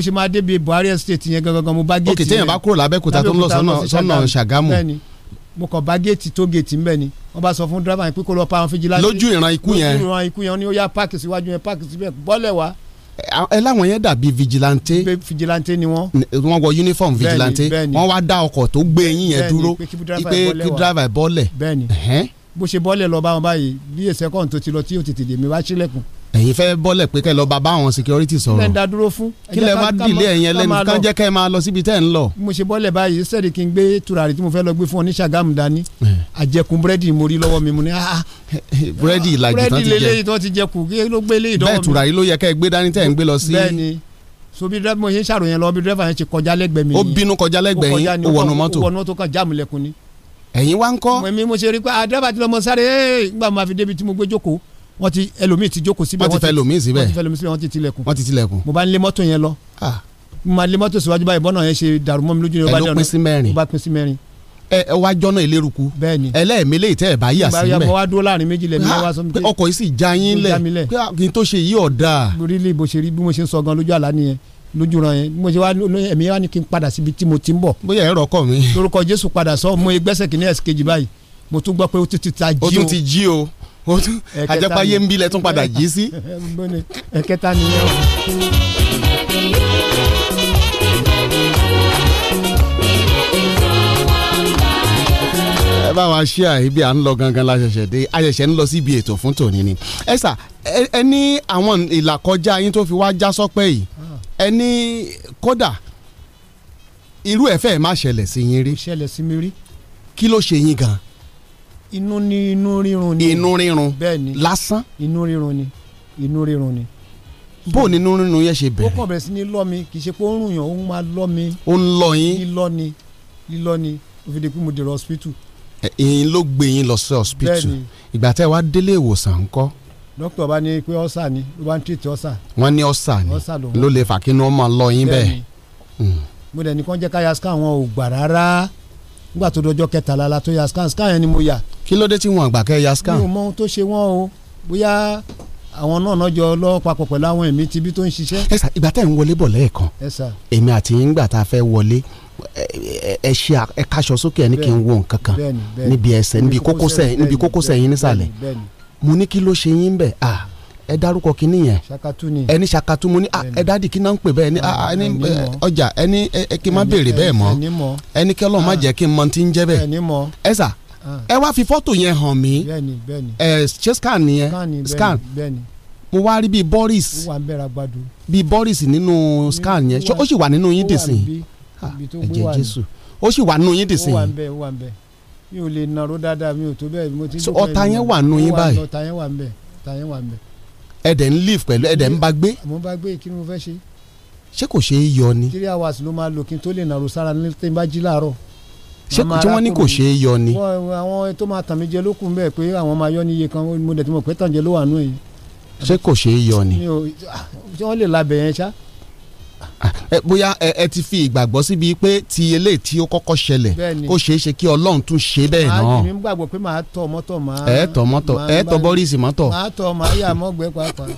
ṣe máa débi Buhari estate yẹn gangan mo bá géètì yẹn ok téèyàn bá kúrò lábẹ́kúta tó ń lọ sọ́nà Ṣàgámù mo kàn bá géètì tó géètì ńbẹ ni wọ́n bá sọ fún dírẹ́bà yẹn pé kó lọ pa àwọn fìjìláńtì lójú ìran ikú yẹn lójú ìran ikú yẹn ó ní ó yá páàkì síwájú yẹn páàkì síbẹ̀ bọ́lẹ̀ wá ẹ láwọn yẹn dàbí vigilante. pé vigilante ni wọn. wọn wọ uniform vigilante wọn wá dá ọkọ̀ tó gbé yín yẹn dúró pé kí driver bọ́lẹ̀. bẹ́ẹ̀ni bó ṣe bọ́lẹ̀ lọ bá wọn báyìí bí èsè kọ́ńtò ti lọ tí yóò tètè dèmi wá sílẹ̀kùn ẹ̀yin fẹ́ bọ́lẹ̀ pé kẹ́ lọ bá báwọn security sọ̀rọ̀ kí lẹ́ ń dá dúró fún kí lẹ́ wá dìlé ẹ̀yin ẹlẹ́nu ká jẹ́ kẹ́ ẹ máa lọ síbi tẹ́ ń lọ. mo ṣe bọ́lẹ̀ báyìí sẹ́ẹ̀dì kí n gbé tùràrí tí mo fẹ́ lọ gbé fún ọ ní Ṣàgámù dání àjẹkùn búrẹ́dì mo rí lọ́wọ́ mi mo ní ah. ah eh, eh, búrẹ́dì ah, ìlàjì tán ti jẹ búrẹ́dì lélẹ́yìí tán ti jẹ kù kí ló gbé léyìí dánwò mi. bẹ́ẹ̀ tùràrí ló yẹ kẹ́ gbé dání tẹ́ ń gbé lọ sí. bẹ́ẹ̀ni so bí mo ṣe ń ṣàròyìn lọ bí dírẹ́fà yẹn ti kọjá lẹ́gbẹ̀ẹ́ mi. ó bínú kọjá lẹ́gbẹ̀ẹ́ yín ó wọnú mọ́tò ó wọnú mọ́tò kan jáàmù lẹ́kùn ni. ẹ̀yin wá ń kọ́. mo ṣe rí ah, i wọ́n ti ẹlòmíì ti jókòó síbẹ̀ wọ́n ti ẹlòmíì síbẹ̀ wọ́n ti ẹlòmíì síbẹ̀ wọ́n ti tilẹ̀kùn wọ́n ti tilẹ̀kùn mo bá ń lé mọ́tò yẹn lọ ah. mo máa lé mọ́tò síwájú báyìí bọ́nà yẹn ṣe dàrú mọ́ lójú ni ó bá dẹ̀rùn ó bá pín sí mẹ́rin ẹ wá jọ́nà ìléruku bẹ́ẹ̀ni ẹlẹ́ẹ̀mẹ́lẹ́ ìtẹ́ ẹ̀ bá yà sí mẹ́ ìgbà dúró láàrin méjì lẹ́mi ah, wá sọ pé ọkọ̀ yìí sì já yín lẹ̀ ah, kí n tó ṣe yí ọ̀dà. rílì mo ṣe lójú àlá yẹn mo ṣe wá ẹ̀mí wá ní kí n padà síbi tí mo ti ń bọ̀. bóyá ẹ̀rọ kọ mi. lórúkọ Jésù padà sọ mo gbẹ́sẹ̀ kìíní ẹ̀sìkejì báyìí mo tún gbọ́ pé ó ti ta jí o. ó tún ti jí o àjẹpáyé ń bí lẹ tún padà jí sí. (laughs) ẹ̀kẹta nìyẹn. ẹ bá wa ṣí àìbí à ń lọ gangan la dé a ń lọ síbi ètò fún tòní ni ẹ sà ẹ ní àwọn ìlàkọjá yín tó fi wá já sọ́pẹ́ yìí ẹ ní kódà irú ẹ̀ fẹ́ẹ̀ má ṣẹlẹ̀ sí yín rí. ṣẹlẹ̀ sí mi rí. kí ló ṣe yín gan-an inú ní inú rírun ni. inú rírun bẹ́ẹ̀ ni lásán. inú rírun ni inú rírun ni. bó o ní inú rírun yẹn ṣe bẹ̀rẹ̀. ó kàn bẹ̀rẹ̀ sí ní lọ́ mi kì í ṣe pé ó ń rùn yàn ó máa lọ́ mi. ó ń lọ yín. lílọ́ ni lílọ́ ni ó fi di pé mo dèrò hospital. ẹ̀yin ló gbé yín lọ sí hospital. bẹ́ẹ̀ni ìgbà tẹ́ wàá délé ìwòsàn ńkọ́ dókítà bá ní pé ọ́sà ni ló bá ń tètè ọ́sà. wọ́n ní ọ́sà ni ló lè fà kí ni wọ́n lọ yín bẹ́ẹ̀. Hmm. mo dẹ̀ ní kàn jẹ́ káyà scan wọn ò gbà rárá nígbà tó dọjọ́ kẹtàlá la tó ya scan scan yẹn ni mo yà. kí ló dé tí wọn àgbà kẹ ya scan. mi ò mọ ohun tó ṣe wọn o bóyá àwọn náà nọjọ lọ́wọ́ papọ̀ pẹ̀lú àwọn èmi tibí tó ń ṣiṣẹ́. ẹ sà ìgbà tẹ́ ń wọlé bọ̀ lẹ́ẹ̀kan èmi àti yín gbà tá a fẹ́ wọlé ẹ ṣe ẹ kaṣọ sókè ẹ ní kí n wo nǹkan kan níbi ẹsẹ̀ níbi kókósẹ̀ níbi kókósẹ̀ yín nísàlẹ̀ mo ní kí ló ṣe yín bẹ́ẹ̀ ah ẹ dárúkọ kínní yẹn ẹni ṣakatu mo ní ah, ẹ dáàdì kí náà ń pè bẹ́ẹ̀ ni ah, ẹni ọjà ẹni kí n má béèrè bẹ́ẹ̀ mọ́ ẹni kí ọlọ́run má ah. jẹ́ kí n mọ ti ń jẹ́ bẹ́ẹ̀ ẹ sà ẹ wá fi fọ́tò yẹn hàn mí ẹ ṣe scan nìyẹn scan mo wá rí bíi boris bíi boris nínú scan yẹn ó sì wà nínú yín dìsìn ẹ̀jẹ̀ jésù ó sì wà nínú yín dìsìn mi ò lè nàró dáadáa mi ò tó bẹ́ẹ̀ mo ti ń dúpẹ́ ọ̀tá yẹn wà nínú yín báyìí ọ̀tá yẹn wà nínú yín báyìí ẹ̀dẹ̀ ń live pẹ̀lú ẹ̀dẹ̀ ń bá gbé. mo bá gbé kí ni mo fẹ́ ṣe. ṣé kò ṣe é yọ ni. three hours ló máa lò kí n tó lè nàró sára ní tí n bá jí láàárọ̀. ṣé tí wọ́n ní kò ṣe é yọ ni. àwọn tó máa tàn mí jẹ ló kù pé àwọn máa yọ ní iye kan mo dẹ̀ ti mọ̀ pé tàn jẹ ló wà nù yìí. ṣé kò ṣe é yọ ni. Ah, ṣé wọ́n lè labẹ̀ yẹn ṣá bóyá ẹ ti fi ìgbàgbọ́ síbi pé ti eléyìí tí ó kọ́kọ́ ṣẹlẹ̀ ó ṣeé ṣe kí ọlọ́run tún ṣe bẹ́ẹ̀ náà. màá ní gbàgbọ́ pé màá tọ mọ́tọ̀ máa. ẹ tọ mọ́tọ̀ ẹ tọ bọ́rísì mọ́tọ̀. màá tọ màá yà mọ́gbẹ́ pàápàá.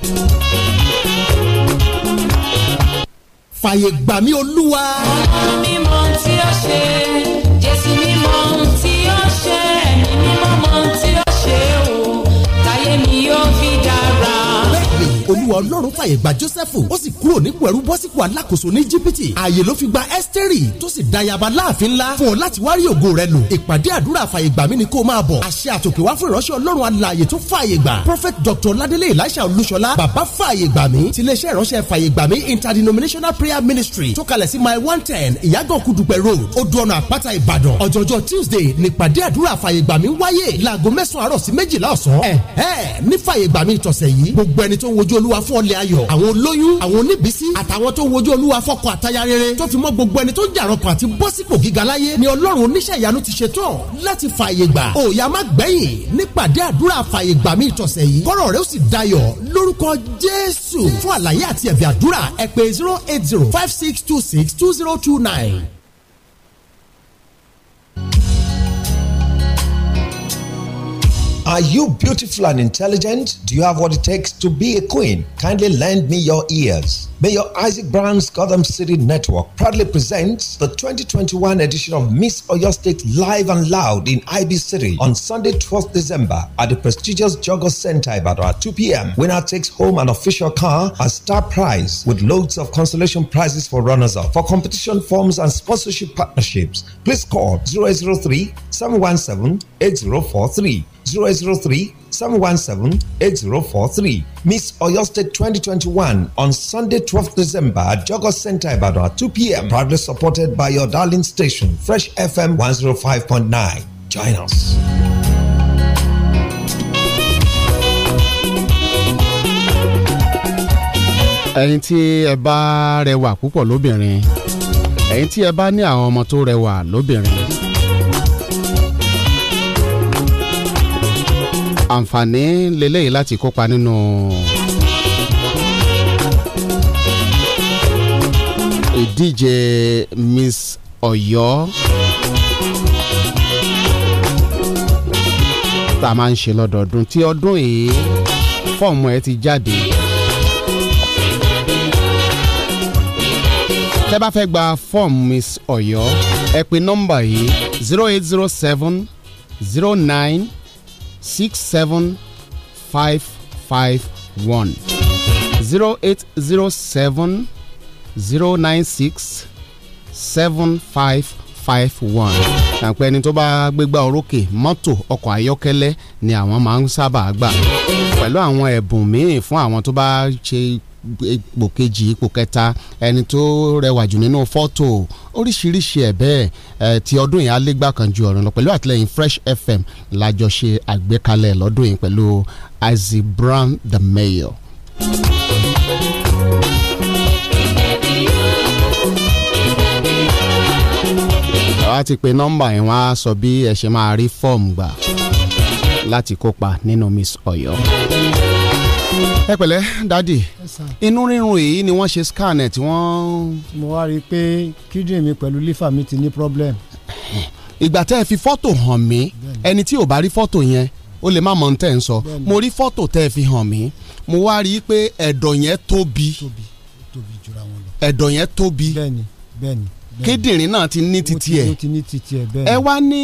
fàyè gbà mí olúwa. ọ̀nà mímọ́ tí ó ṣe jésù mímọ́ tí ó ṣe ẹ̀mí mímọ́ mọ́ tí olúwa ọlọ́run fàyè gba Jósẹ́fù ó sì kúrò nípò ẹrú bọ́ sípò alákòóso ní Íjíbítì ààyè ló fi gba Ẹ́sítérì tó sì dayaba láàfin ńlá fún ọ láti wárí ògo rẹ lò ìpàdé àdúrà fàyè gbà mí ni kó máa bọ̀ àṣẹ àtòkè wá fún ìránṣẹ́ ọlọ́run alààyè tó fàyè gbà Prophet Dr. Ládélé Elisha Olúṣọlá bàbá fàyè gbà mí tiléeṣẹ́ ìránṣẹ́ fàyè gbà mí interdenominational prayer ministry tó kalẹ̀ sí my one ten ìyàgàn kudupẹ road odò ọ̀nà àpáta Ìbàdàn ọjọ́jọ́ Tuesday nípàdé àdúrà fàyè gbà mí wáyé láago mẹ́sàn-án àárọ̀ sí méjìlá ọ̀sán ẹ̀ẹ́ ní fàyè gbà mí ìtọ̀sẹ̀ yìí gbogbo ẹni tó ń wojú wojú olúwa fún ọlẹ̀ ayọ̀ àwọn olóyún àwọn oníbísí àtàwọn tó wojú olúwa fọkọ àtaya rere tó fi mọ́ gbogbo ẹni tó ń jàrọ̀kọ̀ àti bọ́ sípò gíga láyé ni ọlọ́run oníṣẹ́ ìyanu ti ṣe tán láti fààyè gbà òòyà má gbẹ̀yìn nípàdé àdúrà fààyè gbà mí ìtọ̀sẹ̀ yìí kọ́rọ̀ rẹ ó sì dayọ̀ lórúkọ jésù fún àlàyé àti ẹ̀bì àdúrà ẹ zero eight zero five six two six two zero two nine. Are you beautiful and intelligent? Do you have what it takes to be a queen? Kindly lend me your ears. Mayor Isaac Brown's Gotham City Network proudly presents the 2021 edition of Miss Oyo State Live and Loud in IB City on Sunday, 12th December at the prestigious Jogos Center about at 2 p.m. Winner takes home an official car as star prize with loads of consolation prizes for runners-up. For competition forms and sponsorship partnerships, please call 003 717 8043 zero zero three seven one seven eight zero four three. Miss Oyo State one, on Sunday 12 December at Jogos Center Ibadan at 2 p.m. Proudly supported by your darling station, Fresh FM one 105.9. Join us. ẹ̀yin tí ẹ bá rẹwà púpọ̀ lóbìnrin ẹ̀yin tí ẹ bá ní àwọn ọmọ tó rẹwà lóbìnrin àǹfààní lélẹ́yìí láti kópa nínú. ìdíje Miss Ọ̀yọ́ tá a máa ń ṣe lọ́dọọdún tí ọdún yìí fọ́ọ̀mù ẹ ti jáde. tẹ́ bá fẹ́ gba fọ́ọ̀mù Miss Ọ̀yọ́ ẹ pe nọ́mbà yìí zero eight zero seven zero nine six seven five five one zero eight zero seven zero nine six seven five five one àpẹ ẹni tó bá gbégbá orókè mọ́tò ọkọ̀ ayọ́kẹ́lẹ́ ni àwọn máa ń sábà gbà pẹ̀lú àwọn ẹ̀bùn míì fún àwọn tó bá ṣe ipò kejì ipò kẹta ẹni tó rẹwà jù nínú fọ́tò oríṣiríṣi ẹ̀ ẹ̀ ti ọdún yìí alégbà kan ju ọ̀run lọ pẹ̀lú àtìlẹyìn Fresh FM lájọṣe àgbékalẹ̀ lọ́dún yìí pẹ̀lú Isaac Brown the mayor. àwa ti pe nọ́mbà yẹn wá sọ bí ẹ ṣe máa rí fọ́ọ̀mù gbà láti kópa nínú Miss Ọ̀yọ́ ẹ pẹ̀lẹ́ dadi inú rírun èyí ni wọ́n ṣe scan ẹ̀ tí wọ́n. mo wá rí i pé kíndìnrín mi pẹ̀lú lífà mi ti ní problem. ìgbà tẹ́ ẹ fi fọ́tò hàn mí ẹni tí ò bá rí fọ́tò yẹn ó lè má mọ̀ ní tẹ̀ ń sọ mo rí fọ́tò tẹ́ ẹ fi hàn mí mo wá rí i pé ẹ̀dọ̀ yẹn tóbi ẹ̀dọ̀ yẹn tóbi kíndìnrín náà ti ní titi ẹ̀ ẹ wá ní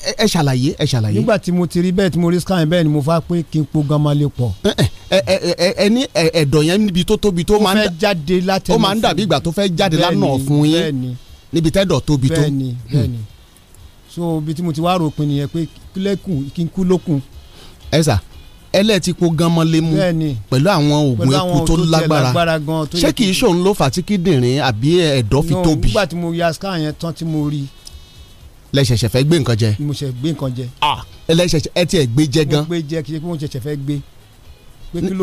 ẹ ṣàlàyé ẹ ṣàlàyé. nígbà tí mo ti rí bẹ́ẹ̀ tí mo rí scan bẹ́ẹ̀ ni mo fà pé kí n po gan máa lè pọ̀. ẹ ní ẹ̀dọ̀ yẹn níbi tó tóbi tó máa ń jáde látẹnu fún mi ó máa ń dàbí ìgbà tó fẹ́ jáde lánà fún yín níbi tẹ́dọ̀ tóbi tó. bẹ́ẹ̀ni bẹ́ẹ̀ni so ibi tí mo ti wá ròpin nìyẹn pé kílẹ̀kùn kí n kú lókun. ẹ sà ẹlẹ́ẹ̀tì po ganmọ́ lé mu pẹ̀lú àwọn oògùn eku tó lágbára ṣé kì í ṣòun ló fà lẹ ṣẹ̀ṣẹ̀ fẹ́ gbé nǹkan jẹ. mo ṣe gbé nǹkan jẹ. ah lẹ ṣẹ̀ṣẹ̀ ẹ tiẹ̀ gbé jẹ gan. mo gbé jẹ kì í ṣe pé mo ṣẹ̀ṣẹ̀ fẹ́ gbé.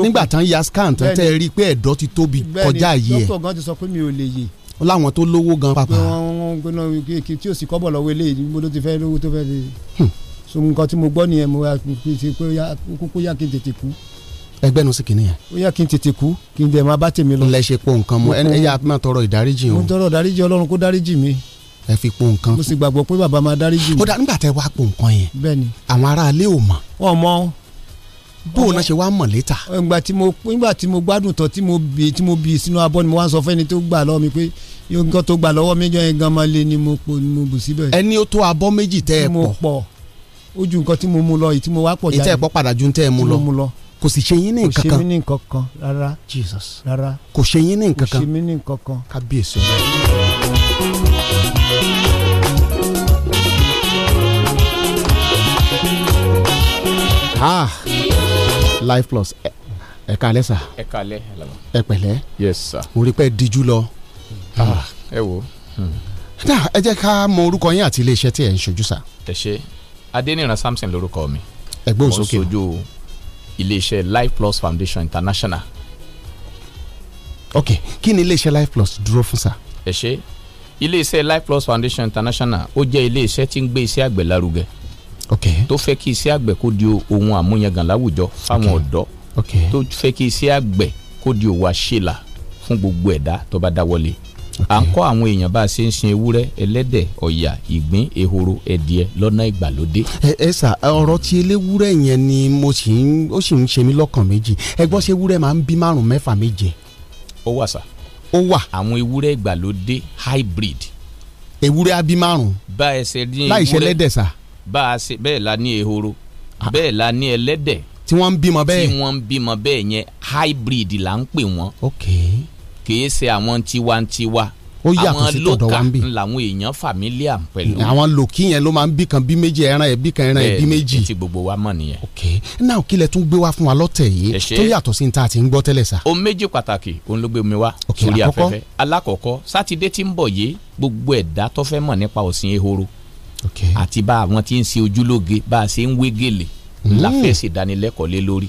nígbà tán ya scan tán tẹ́ rí i pé ẹ̀dọ̀ ti tóbi kọjá yìí ẹ̀. bẹ́ẹ̀ni dókítà gan ti sọ pé mi ò lè yè. ó láwọn tó lówó gan pàpà. pé wọn kí tí ò sì kọ́ bọ̀ lọ́wọ́ eléyìí mo ló ti fẹ́ lówó tó fẹ́ lè. Hmm. so nǹkan tí mo gbọ́ nìyẹn mo ti pé kókó yá kí n tètè kú. ẹgbẹ́ nu sí kìíní yẹn. ó yá kí n tètè kú kí n dẹ̀ máa bá tèmi lọ. ńlẹ̀ ṣe po nǹkan mọ́ ẹ yà máa tọrọ ìdáríjì o. mo tọrọ ìdáríjì Ọlọ́run kó dáríjì mi ẹ fi po nǹkan. mo sì gbàgbọ́ pé bàbá máa dáríjì mi. ó dà nígbà tẹ wá po nǹkan yẹn. bẹ́ẹ̀ni. àwọn aráalé ò mọ̀. wọn mọ. bó o náà ṣe wá mọ̀ létà. ìgbà tí mo ìgbà tí mo gbádùn tán tí mo bì tí mo bì sínú abọ́ ni mo wá ń sọ fẹ́ni tó gbà lọ́wọ́ mi pé nǹkan tó gbà lọ́wọ́ mi jọ yẹn gan máa le ni mo po ni mo bù síbẹ̀. ẹni ó tó abọ́ méjì tẹ́ ẹ pọ̀. mo pọ̀ ojú nǹkan tí mo mu lọ ìtí mo wá pọ̀ jáde. kò sì ṣe yín ní nǹkan kò ṣe mí ní nǹkan rárá Jesus rárá kò ṣe yín ní nǹkan kò ṣe mí ní nǹkan kábíyèsí. Ah, life plus ẹ kalẹ sa ẹ kalẹ ẹ pẹ̀lẹ́ yes sir mo rí pé díjú lọ. ẹ wo. Hmm. ẹ jẹ́ ká mọ orúkọ yín àti iléeṣẹ́ tí ẹ̀ ń ṣojú sa. ẹ ṣe adẹniran samson lórúkọ mi. ẹgbẹ́ òsókè mo ń ṣojú iléeṣẹ́ life plus foundation international. ok kí ni iléeṣẹ́ life plus dúró fún sa. ẹ ṣe iléeṣẹ́ life plus foundation international ó jẹ́ iléeṣẹ́ tí ń gbé iṣẹ́ àgbẹ̀ lárugẹ tó fẹ́ kí iṣẹ́ àgbẹ̀ kó di ohun àmúyangàn láwùjọ fáwọn ọ̀dọ́ tó fẹ́ kí iṣẹ́ àgbẹ̀ kó di òwò àṣelà fún gbogbo ẹ̀dá tó bá dáwọ́lé à ń kọ́ àwọn èèyàn bá a ṣe ń sin ewúrẹ́ ẹlẹ́dẹ̀ ọ̀yà ìgbín ehoro ẹ̀dìẹ lọ́nà ìgbàlódé. ẹ ẹ sà ọ̀rọ̀ tí eléwúrẹ́ yẹn ni mo sì ń ó sì ń ṣe mí lọ́kàn méjì ẹ gbọ́ ṣé ewúrẹ́ máa ń bí márùn-ún méje. ó wà sà. ó wà. àwọn ewúrẹ́ ìgbàlódé hybrid. ewúrẹ́ á bí márùn-ún. bá ẹsẹ̀ ní ewúrẹ́ láì ṣe ẹlẹ́dẹ̀ sà bá a ṣe bẹ́ẹ̀ la ní ehoro ah. bẹ́ẹ̀ la ní ẹlẹ́dẹ̀ tí wọ́n ń bímọ bẹ́ẹ̀ tí wọ́n ń bímọ bẹ́ẹ̀ yẹn hybrid là ń pè wọ́n kìí ṣe àwọn tiwantiwa ó yàtọ̀ sí tọ̀dọ̀ wa ń bì àwọn lóka làwọn èèyàn familiar pẹ̀lú. àwọn lòkì yẹn ló máa ń bí kan bí méjì ẹran ẹ bí kan ẹran ẹ bí méjì. ti gbogbo wa mọ̀ nìyẹn. ok náà kí lẹ tún gbé wá fún wa lọ́tẹ̀ yìí tó yàtọ̀ sí ta àti bá àwọn tí ń ṣe ojúlóge bá a ṣe ń wé gèlè hmm. la fẹ́ ṣèdánilẹ́kọ̀ọ́ lé lórí.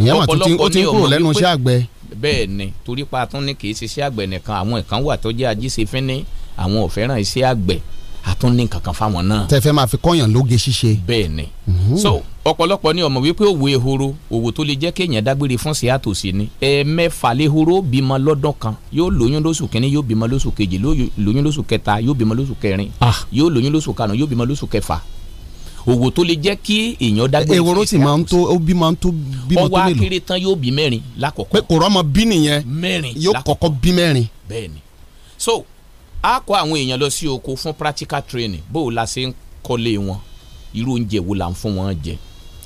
ìyẹn wà tó ti ń kúrò lẹ́nu iṣẹ́ àgbẹ̀. bẹ́ẹ̀ ni torí tún ní kì í ṣiṣẹ́ àgbẹ̀ nìkan àwọn ìkan tó jẹ́ ajíṣe fínní àwọn ò fẹ́ràn iṣẹ́ àgbẹ̀ a ní kankan fáwọn náà. tẹfẹ máa fi kọyàn lóge ṣíṣe. bẹ́ẹ̀ ni mhm. so ọ̀pọ̀lọpọ̀ ni ọmọ wípé òwe ehoro òwò tó lè jẹ́ kéèyàn dágbére fún síyàtò sí ni ẹ̀ẹ̀mẹ́fà lehoro bímọ lọ́dún kan yóò lóyún lóṣù kínní yóò bímọ lóṣù kejì lóyún lóṣù kẹta yóò bímọ lóṣù kẹrin ah. yóò lóyún lóṣù karùn yóò bímọ lóṣù kẹfà òwò tó lè jẹ́ kí èèyàn dágbére ehoro sì máa ń tó bí máa ń tó bímọ tó mélòó. ọwọ́ akéré tán yóò bí mẹ́rin lákọ̀ọ́kọ́. pé kò rọ́mọ bí nìyẹn mẹ́rin lákọ̀ọ́kọ́ so a kó àwọn èèyàn lọ sí oko fún practical training bó o la ṣe ń kọ́lé wọn irú oúnjẹ wo là ń fún wọn jẹ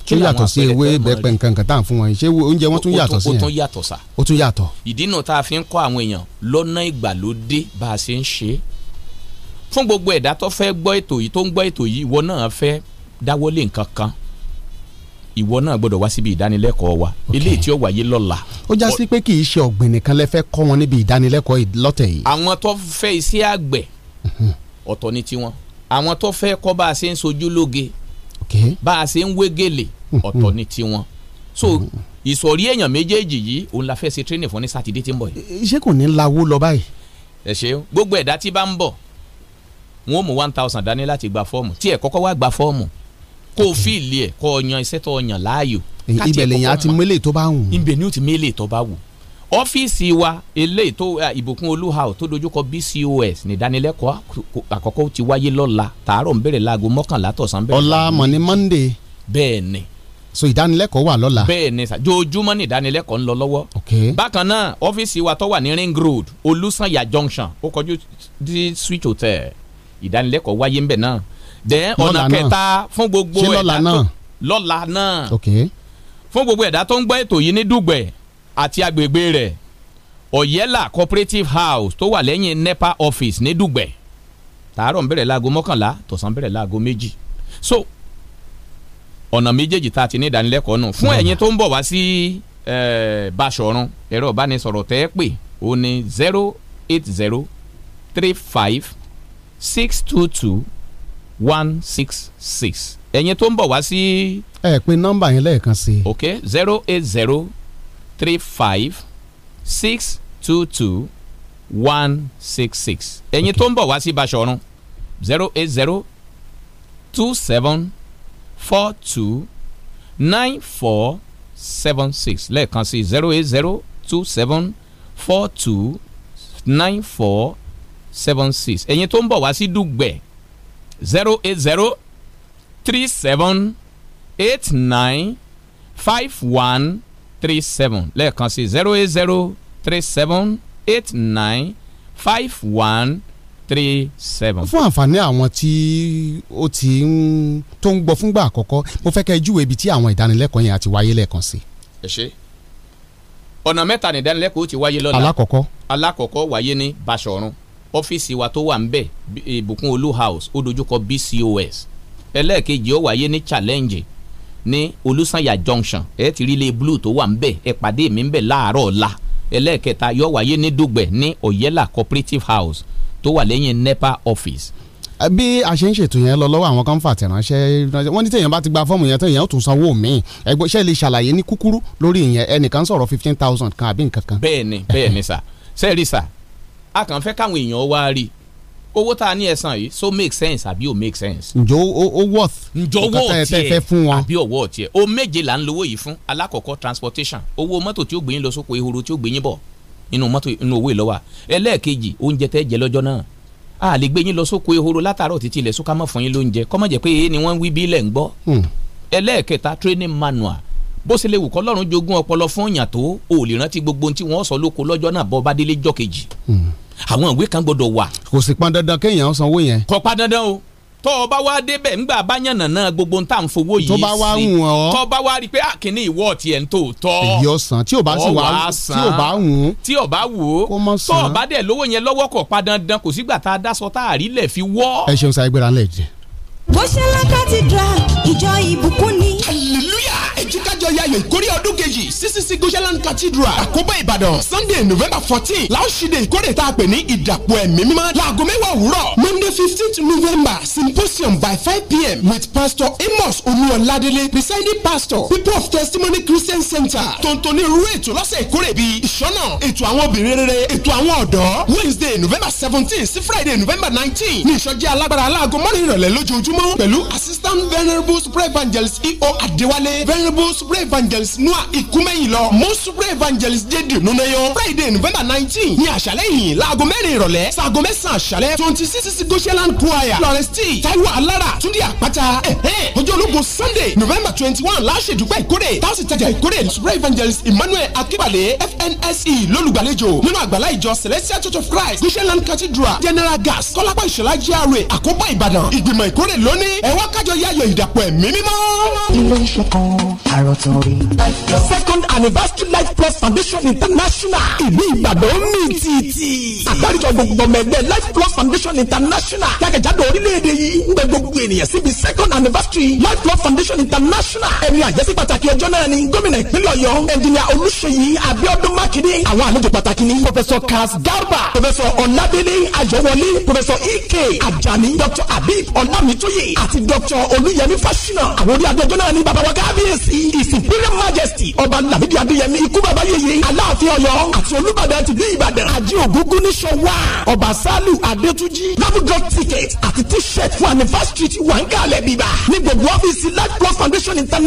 tó yàtọ̀ sí ewé bẹ́pẹ̀ nǹkan kan tá à ń fún wọn ṣé oúnjẹ wọn tún yàtọ̀ sí yẹn ó tún yàtọ̀ sá ó tún yàtọ̀. ìdí náà tá a fi ń kọ́ àwọn èèyàn lọ́nà ìgbàlódé bá a ṣe ń ṣe é fún gbogbo ẹ̀dá tó fẹ́ gbọ́ ètò yìí tó ń gbọ́ ètò yìí ìwọ náà fẹ́ dáwọ́lé nǹkan kan ìwọ náà gbọ́dọ̀ wá síbi ìdánilẹ́kọ̀ọ́ wa eléyìí tí ó wáyé lọ́la. ó já sí pé kì í ṣe ọ̀gbìn nìkan lẹ́fẹ́ kọ́ wọn níbi ìdánilẹ́kọ̀ọ́ lọ́tẹ̀ yìí. àwọn tó fẹ́ iṣẹ́ àgbẹ̀ mhm. ọ̀tọ̀ ni tiwọn àwọn tó fẹ́ kọ́ bá a ṣe ń sojú lóge bá a ṣe ń wégele mhm. ọ̀tọ̀ ni tiwọn so mhm. ìsọ̀rí èèyàn méjèèjì yìí òun la fẹ́ ṣe training fún ní sátidé tí ń bọ̀ yìí. ṣé kò ní lawó lọ báyìí. ẹ one thousand dání láti gba fọ́ọ̀mù tí ẹ̀ kọ́kọ́ wá kó o fi ìlé ẹ̀ kó o yan iṣẹ́ tó o yàn láàyò. ibẹ̀ lèyàn àti mélèé tó bá wù. ibẹ̀ ni o ti mélèé tó bá wù. ọ́fíìsì wa eléyìí tó ìbùkún olúhàó tó dojúkọ bcos nìdánilẹ́kọ̀ọ́ àkọ́kọ́ ti wáyé lọ́la tààrọ̀ ń bẹ̀rẹ̀ láago mọ́kànlá tọ̀sán bẹ̀rẹ̀. ọ̀la mọ̀ ni monday. bẹ́ẹ̀ ni so ìdánilẹ́kọ̀ọ́ wà lọ́la. bẹ́ẹ̀ni sà jojúmọ́ ni ìdánilẹ́kọ̀ọ́ ń lọ lọ́wọ́. ok bákan náà ọ́fíìsì wa tó wà ní ring road olùsànyà junction ó kọjú sí switch hotel ìdánilẹ́kọ̀ọ́ wáyé ń bẹ̀ náà then ọ̀nà kẹta fún gbogbo ẹ̀dá tó lọ́la náà fún gbogbo ẹ̀dá tó ń gbọ́ ètò yìí ní dùgbẹ̀ àti agbègbè rẹ̀ ọ̀yẹ́là cooperative house tó wà lẹ́yìn nepa office ní dùgbẹ̀ tàárọ̀ ń bẹ̀rẹ̀ láago mọ́kànlá tọ̀sán bẹ̀rẹ̀ láago méjì so ọ̀nà méjèèjì tá a ti ní ìdánilẹ́kọ̀ọ́ nù fún ẹ̀yin tó ń bọ̀ wá sí eh, Báṣọ̀run ẹ̀rọ ìbánisọ̀rọ̀ tẹ́ ẹ pè ó ní zero eight zero three five six two two one six six ẹ̀yin tó ń bọ̀ wá sí. ẹ pè nọ́mbà yẹn lẹ́ẹ̀kan sí. ok zero eight zero three five six two two one six six ẹ̀yin tó ń bọ̀ wá sí Baṣọ̀run zero eight zero two seven four two nine four seven six lẹ́ẹ̀kan sí zero eight zero two seven four two nine four seven six ẹ̀yin tó ń bọ̀ wá sí Dùgbẹ̀ zero eight zero three seven eight nine five one three seven lẹ́ẹ̀kan sí zero eight zero three seven eight nine five one three seven. fún àǹfààní àwọn tí ó ti ń tó ń gbọ́ fúngbà àkọ́kọ́ mo fẹ́ kẹ́ júwe ibi tí àwọn ìdánilẹ́kọ̀ọ́ yẹn àti wáyé lẹ́ẹ̀kan sí. ẹ ṣe ọ̀nà mẹ́ta ní ìdánilẹ́kọ̀ọ́ ti wáyé lọ́la alákọ̀ọ́kọ́ alákọ̀ọ́kọ́ wáyé ní Báṣọ̀run ọ́fíìsì wa tó wà ń bẹ̀ eh, ìbùkún olú house ó dojúkọ bcos ẹlẹ́ẹ̀kejì ó wáyé ní challenge ní olùsànyà junction ẹ ti rí ilé blue tó wà ń bẹ̀ ẹ pàdé mi ń bẹ̀ láàárọ̀ ọ̀la ẹlẹ́ẹ̀kẹta yóò wáyé ní dùgbẹ̀ ní oyela cooperative house tó wà lẹ́yìn nepa office bí a ṣe ń ṣètò yẹn lọ lọ́wọ́ àwọn kan fà tẹ̀ránṣẹ́ wọ́n ní tẹ̀yàn bá ti gba fọ́ọ̀mù yẹn tẹ̀yàn ó tún sanwó míì ẹgbẹ́ ṣe lè ṣàlàyé ní kúkúrú lórí ìyẹn ẹnìkan sọ̀rọ̀ fifteen thousand kan àbí nǹkan kan. bẹ́ẹ̀ni bẹ́ẹ̀ni sà sẹẹri sà a kàn fẹ́ káwọn èèyàn wá rí owó tá a ní ẹ̀sán yìí so make sense àbí o make sense. ǹjọ́ o o worth. ǹjọ́ wọ́ọ̀ tiẹ̀ àbí ọ̀wọ́ tiẹ̀ o méje là ń lówó yìí fún alákọ̀ọ́kọ́ transportation owó mọ́tò tí ó gbé yín lọ sóko ehoro tí ó gbé yín bọ̀ inú mọ́tò inú owó ìlọ́wà ẹlẹ́ẹ̀kejì oúnjẹ tẹ́ jẹ lọ́jọ́ náà a lè gbé yín lọ sóko ehoro látàárọ̀ títí ilẹ̀ sókà mọ́ fún yín lóúnjẹ kọ́mọ̀ jẹ́ pé èyí ni wọ́n wí bí ilẹ̀ ń gbọ́ hmm. ẹlẹ́ẹ̀kẹta training manual bó ṣe lè wù kọ́lọ́run jogún ọpọlọ fún òyàn tó ò lè rántí gbogbo ohun tí wọ́n sọ lóko lọ́jọ́ náà bọ́ bá délé jọ́ àwọn ìwé kan gbọ́dọ̀ wà. kò sì pọn dandan kéèyàn sanwó yẹn. kò pa dandan o tó o bá wá débẹ̀ ńgbà bá yànnà náà gbogbo ń tà ń fowó yìí sí tó bá wá hùn ọ́ tó bá wá rí i pé àkíní ah, ìwọ ti ń tò tọ́ èyí ọ̀sán tí o bá sì wá tí o bá hùn tí o bá wò ó kó mọ̀ bá dẹ̀ lówó yẹn lọ́wọ́ kọ̀ pa dandan kò sígbà tá a dáṣọ tá a rí lẹ̀ fi wọ́. ẹ ṣeun sa ẹgbẹ́ra ńlẹ̀ bó ṣe lákàtí dra ìjọ ìbùkún ni méjì kájọ ìkórè ọdún kejì ccc goshaland cathedral àkóbá ìbàdàn sunday november fourteen láòṣìdè ìkórè tá a pè ní ìdàpọ̀ ẹ̀mí mímọ́ láago mẹ́wàá òwúrọ̀ monday fifteenth november symposium by five pm with pastor amos olúwọládélé presiding pastor people of testimony christian center tontoni irú ètò lọ́sẹ̀ ìkórè bíi ìṣọ́nà ètò àwọn obìnrin rere ètò àwọn ọ̀dọ́ wednesday november seventeen sí friday november nineteen ní ìsọjí alágbára aláago mọ́rin ìrọ̀lẹ́ lójoojúmọ́ pẹ̀lú assistant venerable super evangelist eo adéwálé venerable honourable super evangelist noah ikumẹyin lọ mo super evangelist jd nunayo friday november nineteen ní àṣálẹ́ yìí láago mẹ́rin ìrọ̀lẹ́ sáago mẹ́sàn-án àṣálẹ́ twenty six goshenland choir florence t taiwo alara túndé àpáta ọjọ́ ológun sunday november twenty one láṣẹ̀dúpẹ́ ìkórè táwọn ìtajà ìkórè super evangelist emmanuel akíbalẹ̀ fnse lólùgbàlejò nínú àgbàlá ìjọ celestial church of christ goshenland cathedral general gas kọ́lápá ìṣọ̀lá gra àkóbá ìbàdàn ìgbìmọ̀ ìkórè lónìí ẹ̀wọ́n kájọ yáyọ ìdàpọ̀ ẹ̀mí mímọ́. ilé iṣẹ́ kan àrò second anniversary life plus foundation international ìlú ìbàdàn mi tìtì. àgbáríjọ gbogbo mẹ́gbẹ́ life plus foundation international jákèjádò orílẹ̀-èdè yìí ń gbé gbogbo ènìyàn síbi second anniversary life plus foundation international ẹni àjẹsí pàtàkì ọjọ́ náà ni gómìnà ìpínlẹ̀ ọ̀yọ́ ẹnjìnìà olùṣeyí abiodun makinde àwọn àlejò pàtàkì ni professor Kass garba professor ọ̀nàdélé ayọ̀wọlé professor ike ajani Doctor abib ọ̀nàmítóyè àti dr olùyẹmí fásinà àwọn orí adé ọjọ́ náà ni bàbá wa kábíyèsí is imperial majesty ọba nàbídìí adéyẹmí ikú bàbá yèyé aláàfin ọ̀yọ́ àti olúbàdàn ti bí ìbàdàn àjẹ ògúngún ní sọwá ọba sálù adétúnjì labudọ ticket àti t-shirt fún anniversary ti wà ń kalẹ̀ bíbá ní gbogbo ọ́fíìsì light plus foundation international.